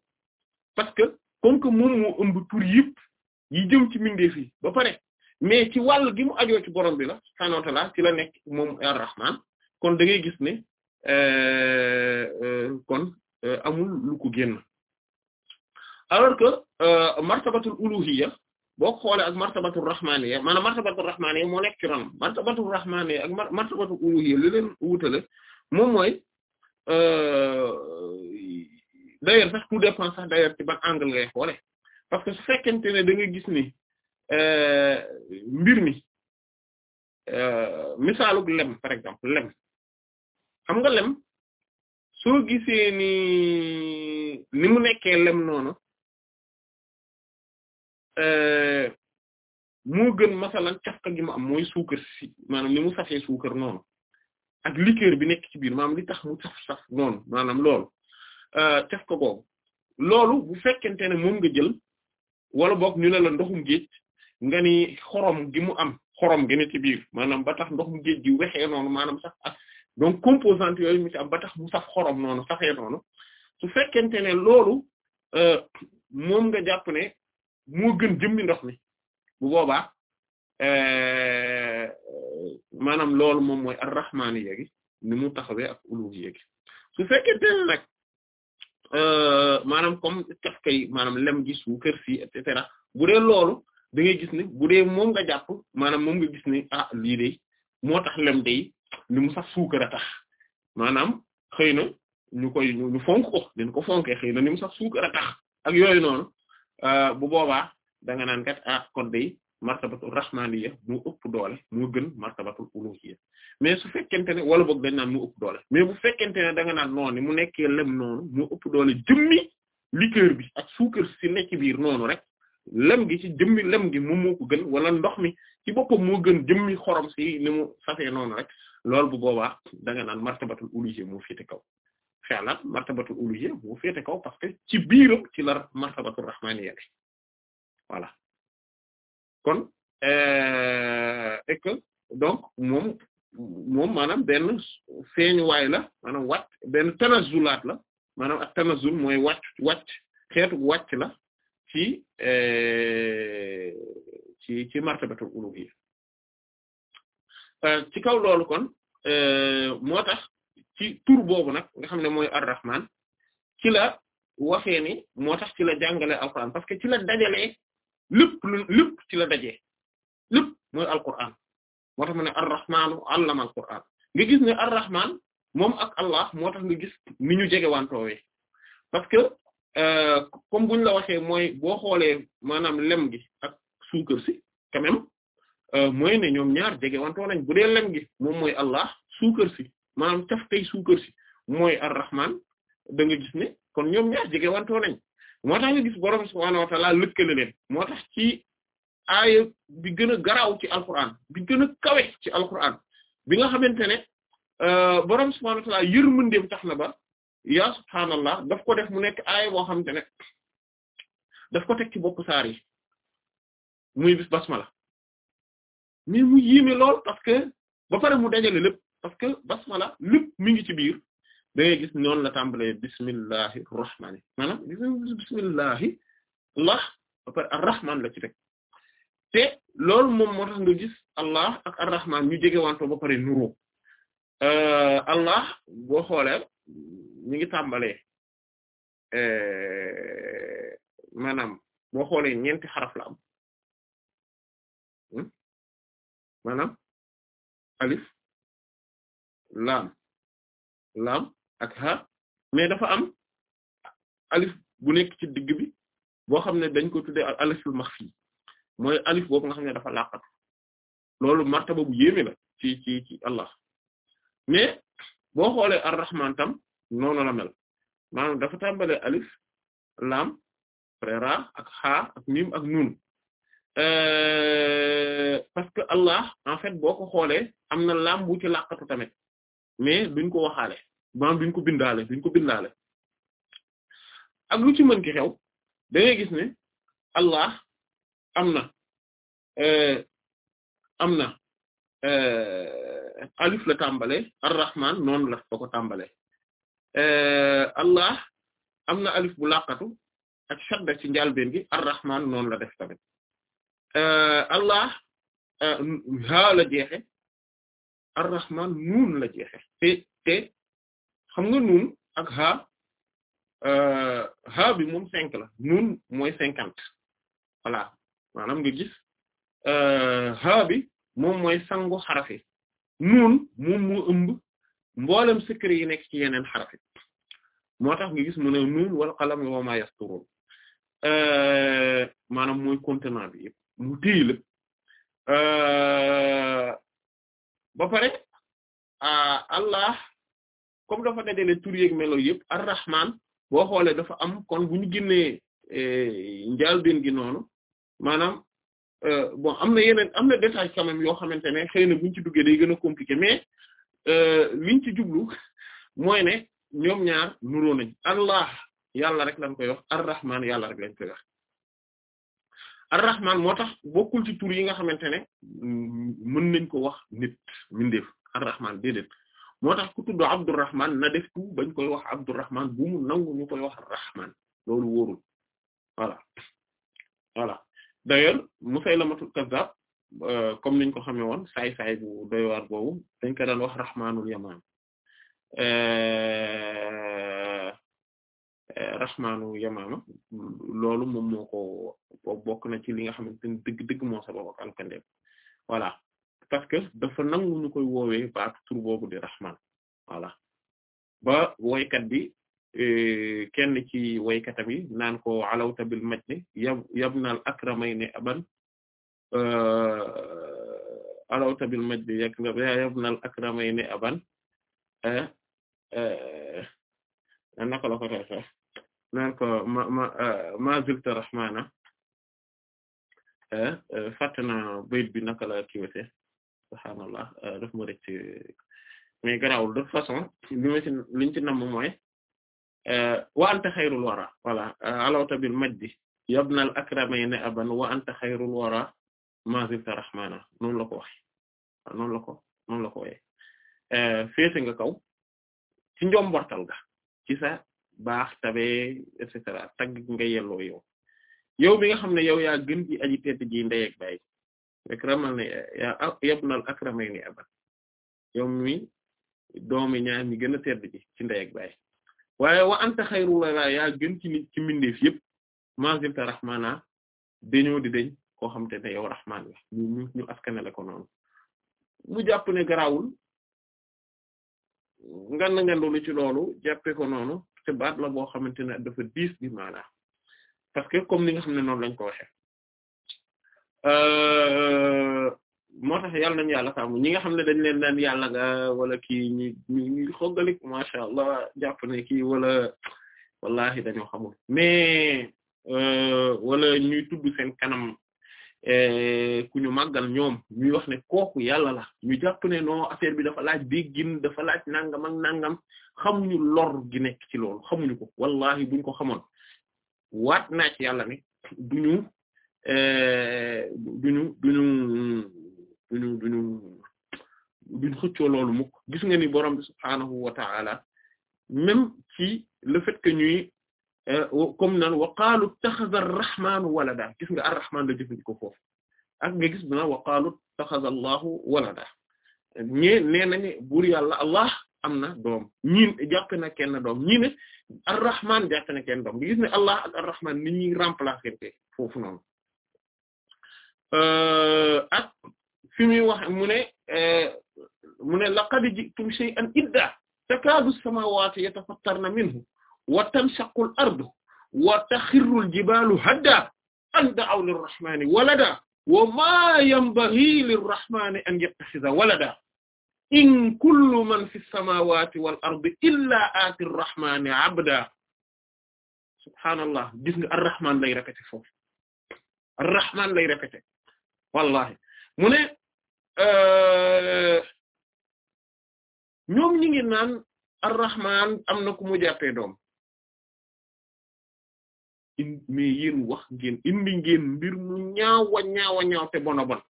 parce que comme que moom moo ëmb yi jëm ci mbindeef yi ba pare mais ci wàll gi mu ajoo ci boroom bi la subhaanahu wa ta'aala ci la nekk moom ar-Rahmaan kon da ngay gis ne euh, euh, kon amul lu ko alors que martabatul uluhiyya boo xoolee ak martabatul rahmaaniya maanaam martabatul rahmaaniya moo nekk ci ron martabatul rahmaaniya ak martabatul uluhiyya li leen wutale moom mooy euh, d'ailleurs sax tout dépend sax d'ailleurs ci angle ngay xoole parce que su fekkente ne da nga gis ni euh, mbir mi euh, misaalug lem par exemple lem xam lem soo gisee ni ni lem noonu Euh, moo gën masalan cafka gi mu am mooy suukar si maanaam ni mu safee suukar noonu ak liqueur bi nekk ci biir maanaam li tax mu saf-saf noonu maanaam loolu cafka euh, boobu loolu bu fekkente ne moom nga jël wala boog ñu la la ndoxum géej nga ni xorom gi mu am xorom gi ne ci biir maanaam ba tax ndoxum géej gi wexee noonu maanaam sax ak donc composante yooyu mu ci am ba tax mu saf xorom noonu safee noonu su fekkente ne loolu euh, moom nga jàpp ne moo gën jëmmi ndox mi bu boobaa euh, maanaam loolu moom mooy ar-rahmaniyya gi ni mu taxawee ak uluhiyya gi su fekkente ne nag euh, maanaam comme caf kay maanaam lem gi suukar si et cetera bu dee loolu da ngay gis ne bu de moom nga jàpp maanaam moom nga gis ne ah lii de moo tax lem de ni mu sax suukar a tax maanaam xëy na ñu koy ñu fonk ko dañ ko fonkee xëy na ni sax suukar a tax ak yooyu noonu Euh, bu boobaa da nga naan kat ah kon day martabatul rahmaniyya mu ëpp doole mu gën martabatul uluhiyya mais su fekkente ne wala boog dañ naan mu ëpp doole mais bu fekkente ne da nga naan noonu mu nekkee lem noonu mu ëpp doole jëmmi liqueur bi ak suukar si nekk biir noonu rek lem gi ci jëmmi lem gi moom moo gën wala ndox mi ci boppam moo gën jëmmi xorom si ni mu safee noonu rek loolu bu boobaa da nga naan martabatul uluhiyya moo féete kaw fi'lan martabatul uluhiyya bu féete kaw parce que ci biiram ci la martabatul rahmaniyya voilà kon euh, et donc moom moom maanaam benn feeñu waay la maanaam wàcc benn tanazzulaat la maanaam ak tanazzul mooy wàcc wàcc xeetu wàcc la ci euh, ci ci martabatul euh, ci kaw loolu kon moo tax ci tur boobu nag nga xam ne mooy ar-Rahman ci la ni moo tax ci la jàngalee alquran parce que ci la dajalee lépp lu lépp ci la dajee lépp mooy alquran moo tax mu ne ar-Rahmanu allama alquran nga gis ne ar-Rahman moom ak Allah moo tax nga gis ni ñu jege wantoowee parce que euh, comme buñ la waxee mooy boo xoolee maanaam lem gi ak suukar si quand même euh, ne ñoom ñaar jege wantoo nañ bu dee lem gi moom mooy Allah suukar si maanaam caftay suukar si mooy ar-rahman da gis ne kon ñoom ñaar jege wantoo nañ moo tax nga gis borom subhaanahu wa ta'ala lëkkale leen moo tax ci aaya bi gën a garaaw ci alquran bi gën a kawe ci alquran bi nga xamante ne euh, borom subhaanahu wa ta'ala yërmandeem tax na ba yaa subhaanallah daf ko def mu nekk aaya boo xamante ne daf ko teg ci bopp saar muy bis basmala mais mu yéeme lool parce que ba pare mu dajale lépp parce que basmala lépp mi ngi ci biir da ngay gis noonu la tàmbalee bismillahi rahmaani maanaam gis bismillahi allah ba pare arrahman la ci teg te loolu moom moo nga gis allah ak arrahman ñu jege wanto ba pare nuroo euh, allah boo xoolee ñu ngi tàmbalee euh, maanaam boo xoolee ñeenti xaraf la am hmm? alif laam laam ak ha mais dafa am alif bu ci digg bi boo xam ne dañ ko tuddee al aliful maxfi mooy alif boobu nga xam ne dafa laqatu loolu martaba bu yéeme la ci ci ci Allah mais boo xoolee ar tam noonu la mel maanaam dafa tàmbalee alif laam après ak xaa ak mim ak nun euh, parce que Allah en fait boo ko xoolee am na laam bu ci laqatu tamit mais biñ ko waxaale maanaam duñ ko bindaale biñ ko bindaale ak lu ci mën xew da gis ne Allah am na euh, am na euh, alif la tàmbale ar noonu la ba tàmbale euh, Allah am na alif bu laqatu ak shadda ci njàlbeen gi Allah ha la ar-rahman nuun la jeexe te te xam nga nuun ak ha euh, ha bi moom cinq la nuun mooy cinquante voilà maanaam nga gis euh, ha bi moom mooy sangu xarafi nuun moom moo ëmb secret yi nekk ci yeneen xarafi moo tax nga gis mu ne nuun wal qalam wa ma yasturun euh, maanaam mooy contenant bi yëpp mu téy la ba pare a ah, Allah comme dafa dajale tur yeeg melo yëpp ar-Rahman boo xoolee dafa am kon bu ñu e njaal den gi noonu maanaam e am na yeneen am na détail quand même yoo xamante ne xëy na buñ ci duggee day gën a compliqué mais eh, liñ ci jublu mooy ne ñoom ñaar nuroo nañ Allah yàlla rek lañ koy wax ar yàlla rek lañ koy ar-Rahman moo tax bokkul ci tur yi nga xamante ne mën nañ ko wax nit mindeef ar-Rahman déedéet moo tax ku tudd Abdurrahman na def tu bañ koy wax Abdurrahman bu mu nangu ñu koy wax Rahman loolu wóorul voilà voilà d'ailleurs Musaylamatul Kazzab euh, comme niñ ko xamee woon saay saay bu doy waar boobu dañ ko Rahmanul Yaman euh, raxmaanu yamaama loolu moom moo ko bokk ci li nga xamante ni dëgg-dëgg moo sabab ak alkandeem voilà parce que dafa nangu koy woowee baatu tur boobu di raxmaan voilà ba woykat bi e, kenn ci woykatam yi naan ko alawta bil yab yabnal akramayni aban e, alawta aban e, naka la ko naan ko ma ma euh, ma zulta rahmana euh, euh, fàtte naa bayit bi naka la kiiwate subhaanallah daf ma rëcc mais garawul de façon li ma ci liñ ci namm mooy wa anta xayrul wara voilà alawta bil majdi yabnal akramayni aban wa anta xayrul wara ma zilta rahmana noonu la ko waxe waaw noonu nga kaw ci njombortal ga ci baax tabee et cetera nga yelloo yow yow mi nga xam ne yow yaa gën ci aji tedd ji ndey ak baay akramal ne yaa ah, yabnal akramayni aban yow mi doomi ñaar ñi gën a tedd ji ci ndey ak baay waaye wa anta xayru wala yaa gën ci nit ci mbindeef yëpp mazilta rahmana dañoo di dañ koo xam te ne yow rahman la ñu ñu askanale ko noonu mu jàpp ne garaawul ngan na ngandoolu ci loolu jàppe ko noonu te baat la boo xamante ne dafa diis bi maanaam parce que comme ni nga xam ne noonu lañ ko waxe euh, moo tax yàlla nañu yàlla sàmm ñi nga xam ne dañ leen daan yàlla nga wala kii ñu ñu ñu xoggalik macha allah jàpp ne kii wala wallahi dañoo xamul mais euh, wala ñuy tudd seen kanam Eh, ku ñu màggal ñoom ñuy wax ne kooku yàlla la ñu jàpp ne non affaire bi dafa laaj déggin dafa laaj nangam ak nangam xamuñu lor gi nekk ci loolu xamuñu ko wallahi buñ ko xamoon waat naa ci yàlla ne duñu eh, duñu duñu duñu duñu duñu xëccoo loolu mukk gis nga ni borom bi subhaanahu même ci le fait que Eh, comme naan wa qaalu ittaxaza ar-rahmaanu walada gis nga ar-rahmaan la jëfandikoo foofu ak nga gis dina wa qaalu walada ñi nee nañu buur allah am na doom ñi jàpp na kenn doom ñi ne ar-rahmaan jàpp na kenn doom nga ne allah ak ar ni ñuy remplacer te foofu noonu eh, ak fi muy wax mu ne eh, mu ne laqad ji'tum shay'an idda takaadu as-samaawaatu yatafattarna minhu wa tanshaqu al ardu wa taxirru al jibaalu hadda an da'aw lirrahmani walada wa ma yanbaghi lirrahmani an yattakhidha walada in kullu man fi samawati wal ardi illa ati rrahmani abda subhaanallah gis nga arrahman lay répété foofu arrahman lay répété wallahi mu ne euh, ñoom ñi ngi naan arrahman am na ku mu jàppee doom in mais wax ngeen indi ngeen mbir mu ñaaw a ñaaw te bon a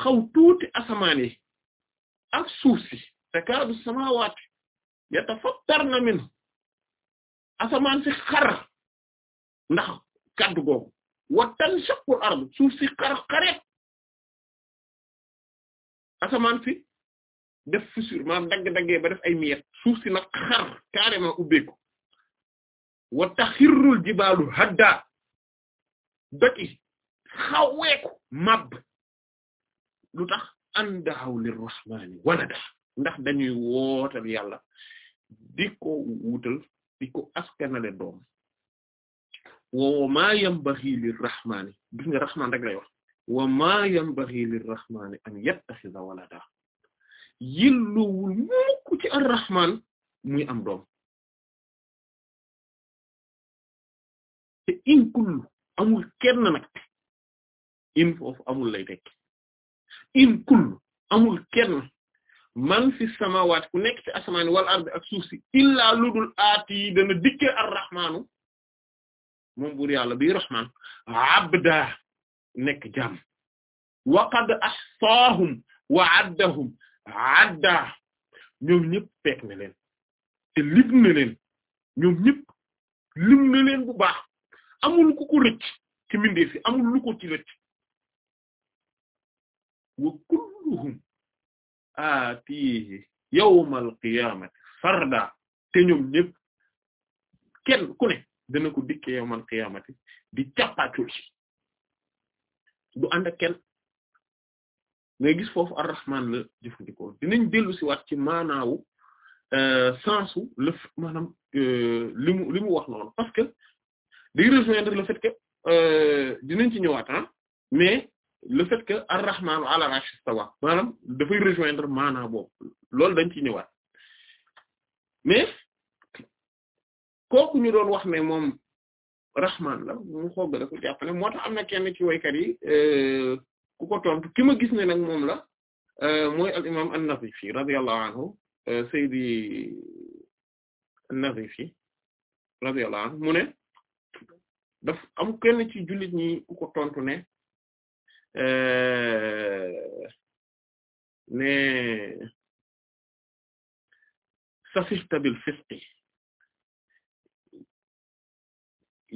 xaw tuuti asamaan yi ak suuf si takaadu samaawaati yatafattarna min asamaan si xar ndax kàddu googu wa tanshaqqu al-ardu suuf si xar xareet asamaan si def fissure maanaam dagg-daggee ba def ay miet suuf si nag xar carrément ubbeeku wa taxirrul jibaalu hadda xaweeku màbb lu tax an daaw lirrahmaani walada ndax dañuy wootal yàlla di ko wutal di ko askanale doom wa maa yanbaxi lirrahmaani gis nga rahmaan rek lay wax wa maa yanbaxi lirrahmaani an yattaxida walada yilluwul mukk ci ar rahmaan muy am doom te in kullu amul kenn nag in foofu amul lay tekki in kullu amul kenn man fi samawat ku nekk wal ardi ak suuf si illaa ludul aati yi dana dikke ar-rahmaanu moom buur yàlla bi rahmaan abda nekk jaam wa ahsaahum wa addahum adda ñoom ñëpp peek na leen te lim leen ñoom ñëpp lim leen bu baax amul ku ko rëcc ci mbindeef yi amul lu ko ci rëcc wa kulluhum aatihi yawmal qiyaamati farda te ñoom ñëpp kenn ku ne dana ko dikkee yawmal di càppaatul ci du ànd ak kenn ngay gis foofu arrahman la jëfandikoo ci maanaawu euh, sensu lëf maanaam euh, li mu wax noonu parce day rejoindre le fait que euh, dinañ ci ñëwaat ah mais le fait que ar-rahmaanu ala arsh istawa maanaam dafay rejoindre maanaa boobu loolu dañ ci ñëwaat mais kooku ñu doon wax ne moom rahman la mu xoog da ko jàpp ne moo tax am na kenn ci waykat yi euh, ku ki ma gis ne nag moom la euh, mooy al imam an-Nazifi radiyallahu anhu Seydi an-Nazifi radiyallahu daf am kenn ci jullit ñi ku ko tontu ne euh, ne safihta bil fisqi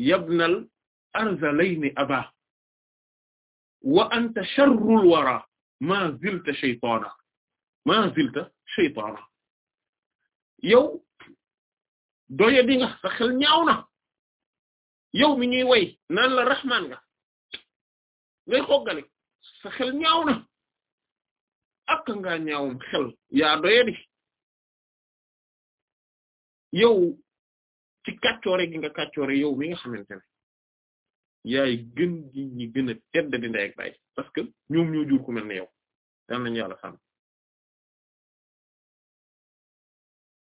yabnal arzalayni aba wa anta sharrul wara ma zilta shaytaana ma zilta shaytaana yow doye nga sa xel ñaaw na yow mi ñuy way naan la raxmaan nga ngay xoggale sa xel ñaaw na ak ngaa ñaawum xel yaa doyadi yow ci kàccoore gi nga kàccoore yow mi nga xamante ne yaay gën gi ñi a tedd di ndey ak baay parce que ñoom ñoo jur ku mel ne yow daan nañu yàlla sànn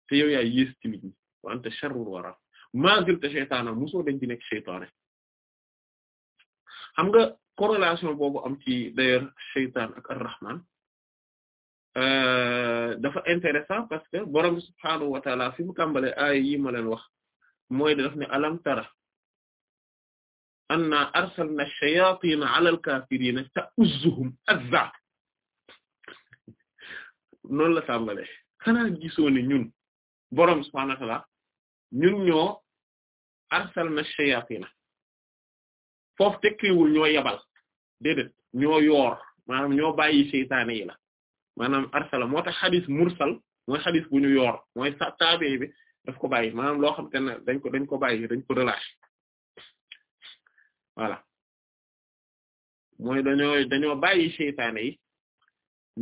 te yow yaay yées ci nit ñi wara maa zilta shaytaana mosoo dañ di nekk shaytaane xam nga corrélation boobu am ci d'ailleurs shaytaan ak ar-rahman euh, dafa intéressant parce que borom subhaanahu wa fi mu tàmbalee aaya yi ma leen wax mooy daf ne alam tara anna arsalna ash-shayaatiina ala al-kaafiriina ta'uzzuhum azza noonu la tàmbalee xanaa gisoo ne ñun borom subhaanahu wa taala ñun arsalna shayatina foofu tekkiwul ñoo yebal déedéet ñoo yoor maanaam ñoo bàyyi seytaane yi la maanaam arsala moo tax xadis mursal mooy xadis bu ñu yoor mooy sa taabee bi daf ko bàyyi maanaam loo xam te dañ ko dañ ko bàyyi dañ ko relâché voilà mooy dañoo dañoo bàyyi seytaane yi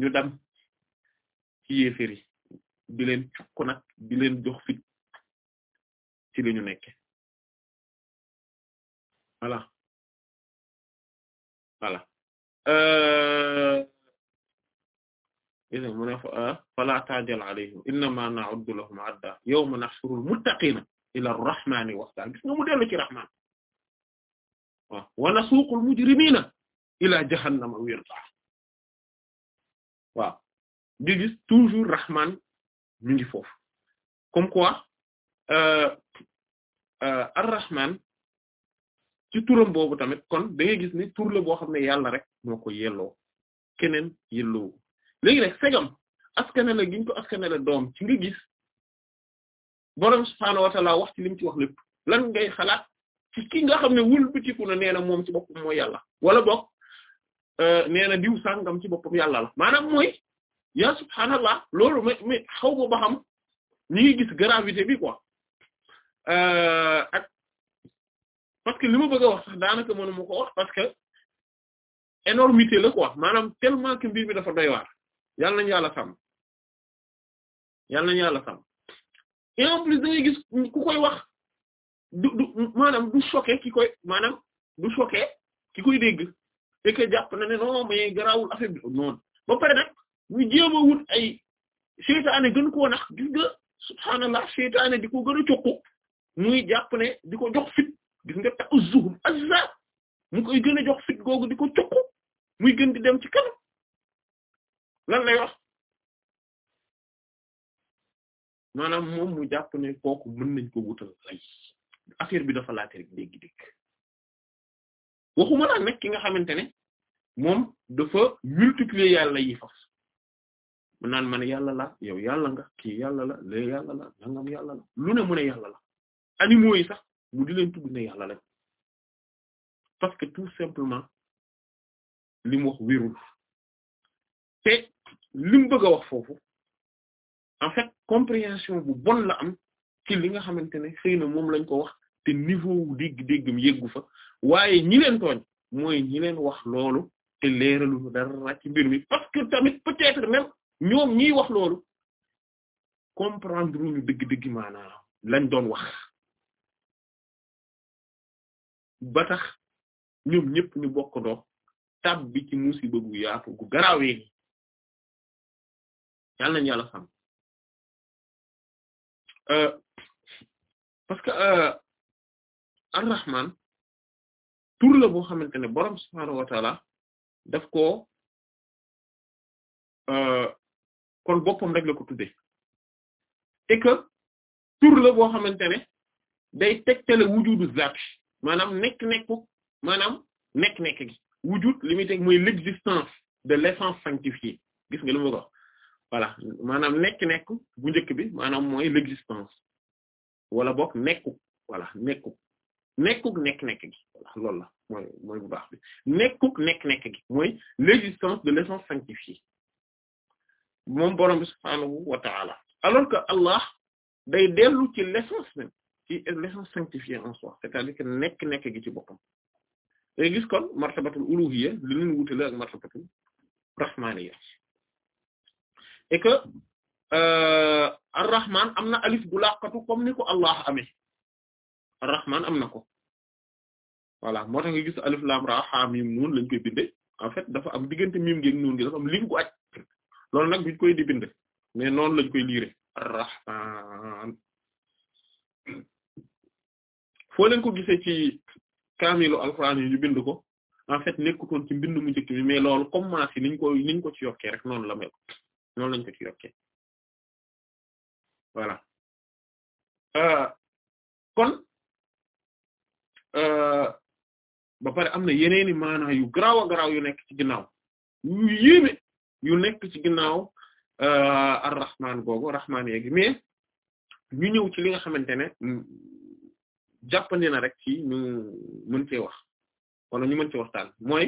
ñu dem yi di leen cukk nag di leen jox fit ci li nekke voilà voilà iza mu ne fala ta'jal alayhim innama na'uddu lahum 'adda yawma nahshurul muttaqina ila ar-rahmani wasda gis nga mu dellu ci rahman waaw wa nasuuqul mujrimina ila jahannama wirda waaw di gis toujours rahman mi ngi foofu comme quoi euh, euh, ar-rahman ci turam boobu tamit kon da ngay gis ne tur la boo xam ne yàlla rek moo ko yelloo keneen yelloo léegi nag segam askanale giñ ko askanale doom ci nga gis boroom subhaanahu wa wax ci lim ci wax lépp lan ngay xalaat ci ki nga xam ne wul bitiku na nee na moom ci boppam mooy yàlla wala boog euh, nee na diw sàngam ci boppam yàlla la maanaam mooy yaa subhaanallah loolu mais mais xaw ma ba xam ñi ngi gravité bi quoi euh, parce que li ma bëgg a wax sax daanaka mënu ma ko wax parce que énormité la quoi maanaam tellement que mbir mi dafa doy waar yàlla nañu yàlla sàmm yàlla nañu yàlla sàmm et en plus da ngay gis koy wax du du maanaam du choqué ki koy maanaam du choqué ki koy dégg et que jàpp na ne non mais garaawul affaire bi noonu ba pare nag ñu jéem a wut ay seytaane gën koo nax gis nga subhaanallah di ko gën a cokku muy jàpp ne di ko jox fit gis nga ta koy gën a jox fit googu di ko cukku muy gën di dem ci kanam lan lay wax moom mu jàpp ne kooku mën nañ ko wutal affaire bi dafa laate rek dégg-dégg waxuma nag ki nga xamante ne moom dafa multiplier yàlla yi faf mu naan ma ne yàlla la yow yàlla nga kii yàlla la lee yàlla la yàlla lu ne mu yàlla la sax mu di leen tudd ne yàlla lañ parce que tout simplement li wax wérul te li mu a wax foofu en fait compréhension bu bon la am ci li nga xamante ne xëy na moom lañ ko wax te niveau wu dégg-déggam yeggu fa waaye ñi leen tooñ mooy ñi leen wax loolu te leeraluñu dara ci mbir mi parce que tamit peut-être même ñoom ñiy wax loolu comprendre ñu dëgg-dëgg maanaam lañ doon wax ba tax ñoom ñëpp ñu bokk ndox tab musiba gu yaatu gu garawee ni yàlla nañu yàlla xam euh, parce que euh, ar-Rahman tur la boo xamante ne boroom subhaanahu wa ko euh, kon boppam rek la ko tuddee et que tur la boo xamante ne day wujudu zaat maanaam nekk-nekku maanaam nekk-nekk gi wujud li muy teg mooy l'existence de l'essence sanctifiée gis nga li ma ko wax maanaam nekk-nekk bu njëkk bi maanaam mooy l'existence wala boog nekku voilà nekkuk nekk loolu la bu baax nekkuk nekk-nekk gi mooy l'existence de l'essence sanctifiée moom borom bi subhaanahu wa alors que Allah day dellu ci l'essence i l'essence sanctifiée en soi c'est-à-dire que nekk-nekk gi ci boppam day gis kon euh, rahman am na alif bu laqatu comme ni ko Allah amee ar-rahman am na ko voilà moo tax nga gis alif lam ra ha mim nun lañ koy binde en fait dafa am diggante mim gi nun dafa am lim loolu nag duñ koy di binde mais noonu lañ koy liire ar-rahman foo leen ko gisee ci kaamilu alxuraan yi ñu bind ko en fait nekkutoon ci mbind mu njëkk bi mais loolu commence yi niñ ko niñ ko ci yokkee rek noonu la mel noonu lañ ko ci yokkee voilà euh, kon euh, ba pare am na yeneeni maanaa yu garaaw a garaaw yu nekk ci ginnaaw yu yu nekk ci ginnaaw euh, ar rahman googu rahman yeegi mais ñu ñëw ci li nga xamante ne jàppandi na rek ci ñu mën cee wax wala ñu mën cee waxtaan mooy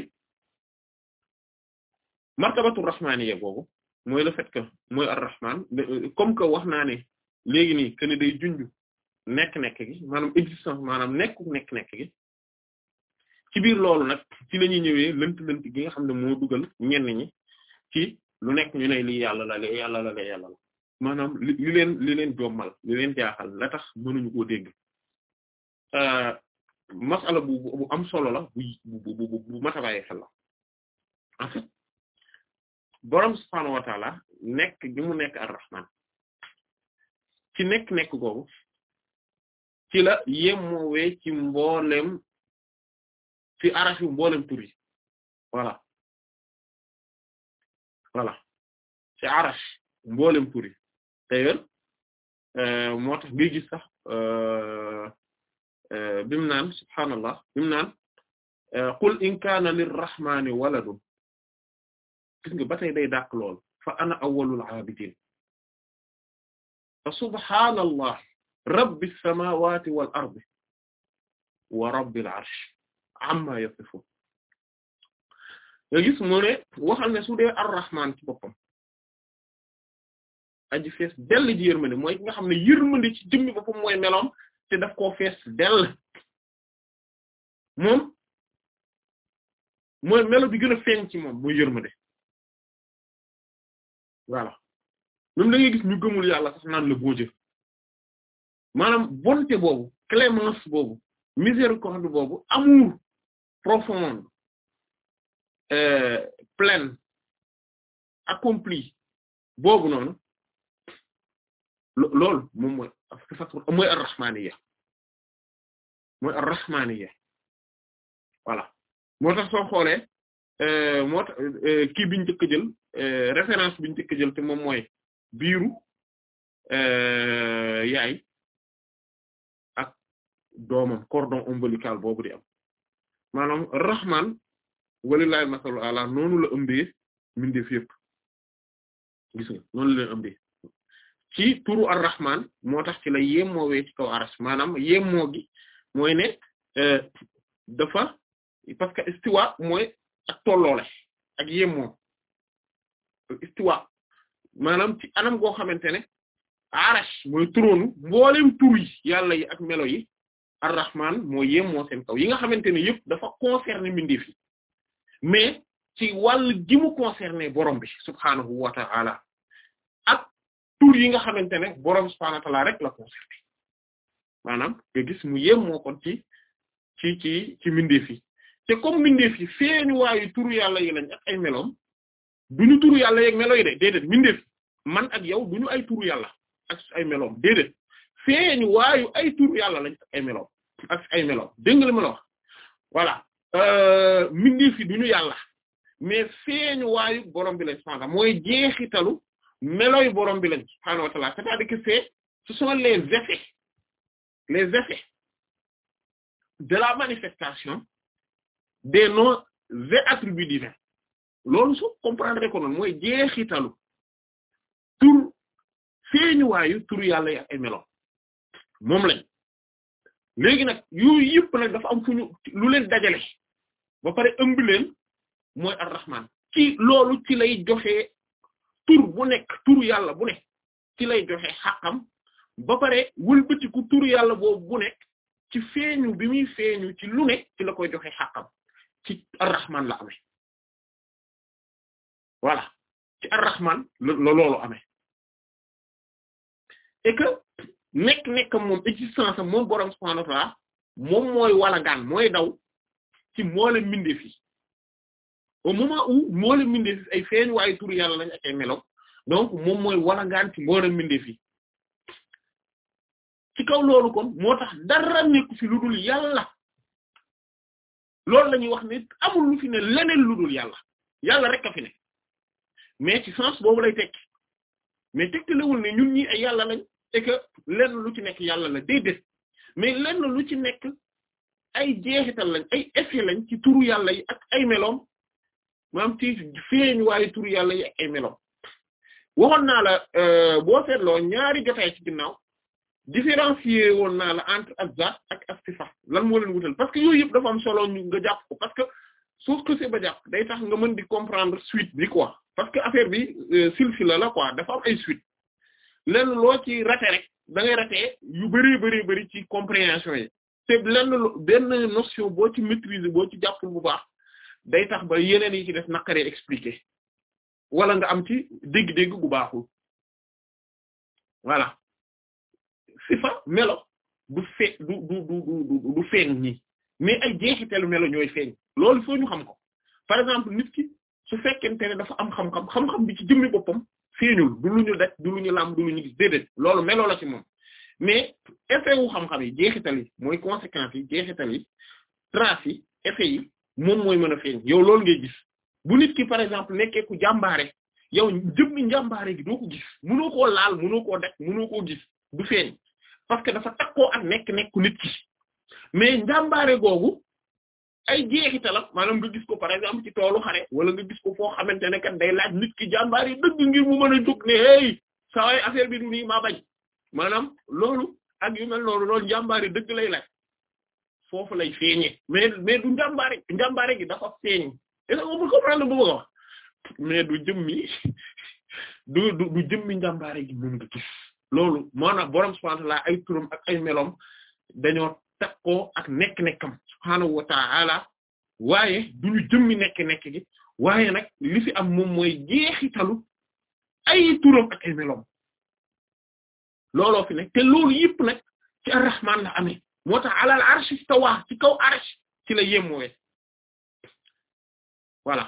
martabatu rahmaaniya boobu mooy le fait que mooy a rahman euh, comme que wax naa ne léegi nii que ne day junj nekk-nekk gi maanaam existence maanaam nekku nekk-nekk gi ci biir loolu nag ci la ñuy ñëwee lënt-lënt gi nga xam ne moo dugal ñenn ñi ci lu nekk ñu ne lii yàlla la lii yàlla la lii yàlla maanaam li leen li leen jommal li leen jaaxal la tax mënuñu koo dégg Euh, masala bu bu am solo la bu bu bu bu mat a bàyyi xel la en fait boroom subhaanahu nekk gi mu nekk ar-rahman ci nekk-nekk googu ci la yemmoowee ci mboolem ci arafu mboolem tur yi voilà ci araf mboolem tur yi d'ailleurs euh, moo tax ngay gis sax euh, bi mu naan subhaanallah bi mu naan qul in kaana lirrahmaani waladun gis nga ba tey day dàq lool fa ana awwalul aabidiin fa subhaanallah rabbi samaawaati wal wa rabbil arsh amma yasifuun nga gis waxal ne su dee arrahmaan boppam aji fees dell ji yërmande mooy nga xam ne yërmande ci jëmmi boppam mooy meloom te daf koo fees dell moom mooy melo bi gën a feeñ ci moom mooy yërmande voilà même da ngay gis ñu gëmul yàlla sax naan la boo jëf maanaam boobu clémence boobu miséricorde boobu amour profond euh, plein accompli boobu noonu loolu moom mooy parce que fatxul mooy ar-rahmaaniyya mooy ar-rahmaaniyya voilà moo tax soo xoolee euh, moo tax euh, bi jël euh, référence bi ñu njëkk a jël te moom mooy biiru yaay ak doomam cordon ombilical boobu di am maanaam rahman walilahi masalu ala noonu la ëmbee mbindeef yëpp gis nga noonu la leen ëmbee ci turu ar-Rahman moo tax ci la yemmoowee ci kaw aras maanaam yemmoo gi mooy ne euh, dafa parce que istiwa mooy ak tolloole ak yemmoo istiwa maanaam ci anam goo xamante ne arash mooy turóonu mboolem tur yi yàlla yi ak melo yi ar-Rahman mooy yemmoo seen kaw yi nga xamante ne yëpp dafa concerné mbindeef yi mais ci wàll gi mu concerné borom bi subhaanahu wa ta'ala tur nga xamante ne borom subhaanahu wa rek la concerné maanaam nga gis mu yem moo kon ci ci ci ci mbindeef yi te comme mbindeef yi feeñ waayu turu yàlla yi lañ ak ay meloom duñu turu yàlla yeeg melo yi de déedéet mbindeef man ak yow duñu ay turu yàlla ak ay meloom déedéet feeñ waayu yàlla lañ ay meloom ak ay meloom dégg nga li euh, mbindeef yi duñu yàlla mais feeñ waayu borom bi lañ subhaanahu mooy jeexitalu. melo meloy borom bi lañ subhaanahu wa ta'ala c'est-à-dire que c'est ce sont les effets les de la manifestation des noms et attributs divins loolu su comprendre ko noonu mooy jeexitalu tur feeñuwaayu tur yàlla yi ay melo moom lañ léegi nag yooyu yëpp nag dafa am fu ñu lu leen dajale ba pare ëmb leen mooy ar-Rahman ci loolu ci lay joxe tur bu nekk tur yàlla bu nekk ci lay joxe xàqam ba pare wëlbatiku tur yàlla boobu bu nekk ci feeñu bi muy feeñu ci lu nekk ci la koy joxe xàqam ci arrahman la amee voilà ci arrahman la loolu amee et nekk nekkam moom existence am moom boroom moom mooy walagaan mooy daw ci moo la fii au moment où mboolem mbindeef ay feeñ waaye tur yàlla lañ ay melo donc moom mooy walangaan ci mboolem mbindeef yi kaw loolu kon moo tax dara nekku fi lu dul yàlla loolu la ñuy wax ne amul lu fi ne leneen lu dul yàlla yàlla rek a fi ne mais ci sens boobu lay tekki mais tekkiwul ne ñun ñi ay yàlla lañ et que lenn lu ci nekk yàlla la déedéet mais lenn lu ci nekk ay jeexital lañ ay effet lañ ci turu yàlla yi ak ay meloom maanaam ci feeñ waaye yàlla yi ay melo waxoon naa la euh, boo seetloo ñaari jotaay ci ginnaaw différencier woon naa la entre azat ak as-sifa lan moo leen wutal parce que yooyu yëpp dafa am solo ñu ga jàpp ko parce que soo ko see jàpp day tax nga mën di comprendre suite bi quoi parce que affaire bi euh, silsila la quoi dafa am ay suite lenn loo ci raté rek da ngay yu bëree bëri bëri ci compréhension yi te lenn benn notion boo ci maîtriser boo ci jàppul bu baax day tax ba yeneen yi ci def naqaree expliquer wala nga am ci dégg-dégg gu baaxul voilà sifa melo du fe du du du du feeñ ñi mais ay jeexitalu melo ñooy feeñ loolu foo ñu xam ko par exemple nit ki su fekkente ne dafa am xam-xam xam-xam bi ci jëmmi boppam feeñul du lu ñu daj du lu ñu lam du lu ñu gis loolu melo la ci moom mais effet wu xam-xam yi jeexital yi mooy conséquences yi jeexital yi traces yi effet yi moom mooy mën a feeñ yow loolu ngay bu nit ki par exemple nekkee ku jàmbaare yow jëmmi njàmbaare gi doo ko gis koo laal mënoo koo def mënoo koo gis du feeñ parce que dafa a ak nekk-nekku nit ki mais njàmbaare googu ay jeexitalam maanaam nga gis ko par exemple ci toolu xare wala nga gis ko foo xamante ne kat day laaj nit ki jàmbaar yi dëgg ngir mu mën a jóg ne hey saa affaire bi du nii maa bañ maanaam loolu ak yu mel noonu loolu jàmbaar yi dëgg lay laaj foofu lay feeñee mais mais du njàmbaare njàmbaare gi dafa feeñ est-ce que vous comprenez bu ma wax mais du jëmmi (laughs) du du du jëmmi njàmbaare gi mën nga gis loolu maanaam borom subhaanahu wa ta'aala ay turam ak ay melom dañoo takkoo ak nekk-nekkam subhaanahu wa ta'aala waaye du ñu jëmmi nekk-nekk gi waaye nag li fi am moom mooy jeexitalu ay turam ak ay melom looloo fi nekk te loolu yëpp nag ci ar-Rahmaan moo tax alal arsh istawa ci kaw arsh ci la yemoowe voilà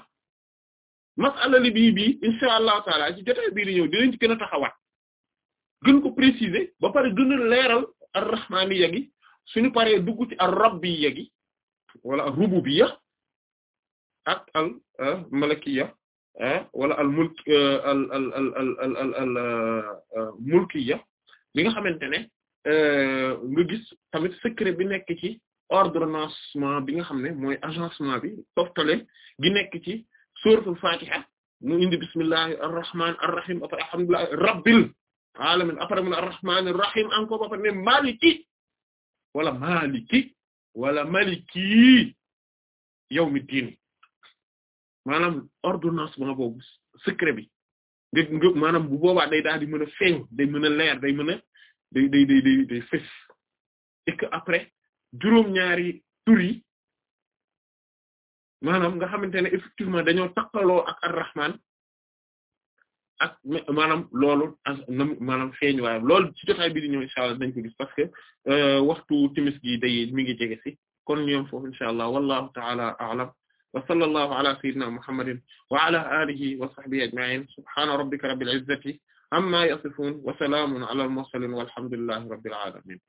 masala li bii bii insha allahu taala ci jotaay bii ñëw dinañ ci gën a taxawaat gën ko préciser ba pare gën leeral ar-rahmaniyya gi suñu paree dugg ci ar-rabbiyya gi wala ar-rububiyya ak al euh, malakiyya wala al mulk euh, al al al al euh, nga xamante ne Euh, nga gis tamit secret bi nekk ci ordonnancement bi nga xam ne mooy agencement bi toftale gi nekk ci suuratul Fatiha mu indi bismillahi arrahman arrahim après alhamdulillahi rabbil alamin après mu ne arrahmanir rahim encore ba pare ne maliki wala maliki wala maliki yawmiddin maanaam ordonnancement boobu secret bi nga nga maanaam bu boobaa day daal di mën a feeñ day mën a leer day mën a day day day day day fés et que après juróom-ñaari tur yi maanaam nga xamante ne effectivement dañoo takkaloo ak ar-Rahman ak maanaam loolu nam maanaam feeñ waaye loolu ci jotaay bi di ñëw incha allah dañ ko gis parce que euh, waxtu timis gi day mi ngi jege si kon ñoom foofu incha allah wallahu ta'ala a'lam wa sallallahu ala sayyidina muhammadin wa ala alihi wa sahbihi ajma'in subhana rabbika rabbil izzati amma yasifun wa salaamun alal mursalin walhamdulillahi rabbil alamin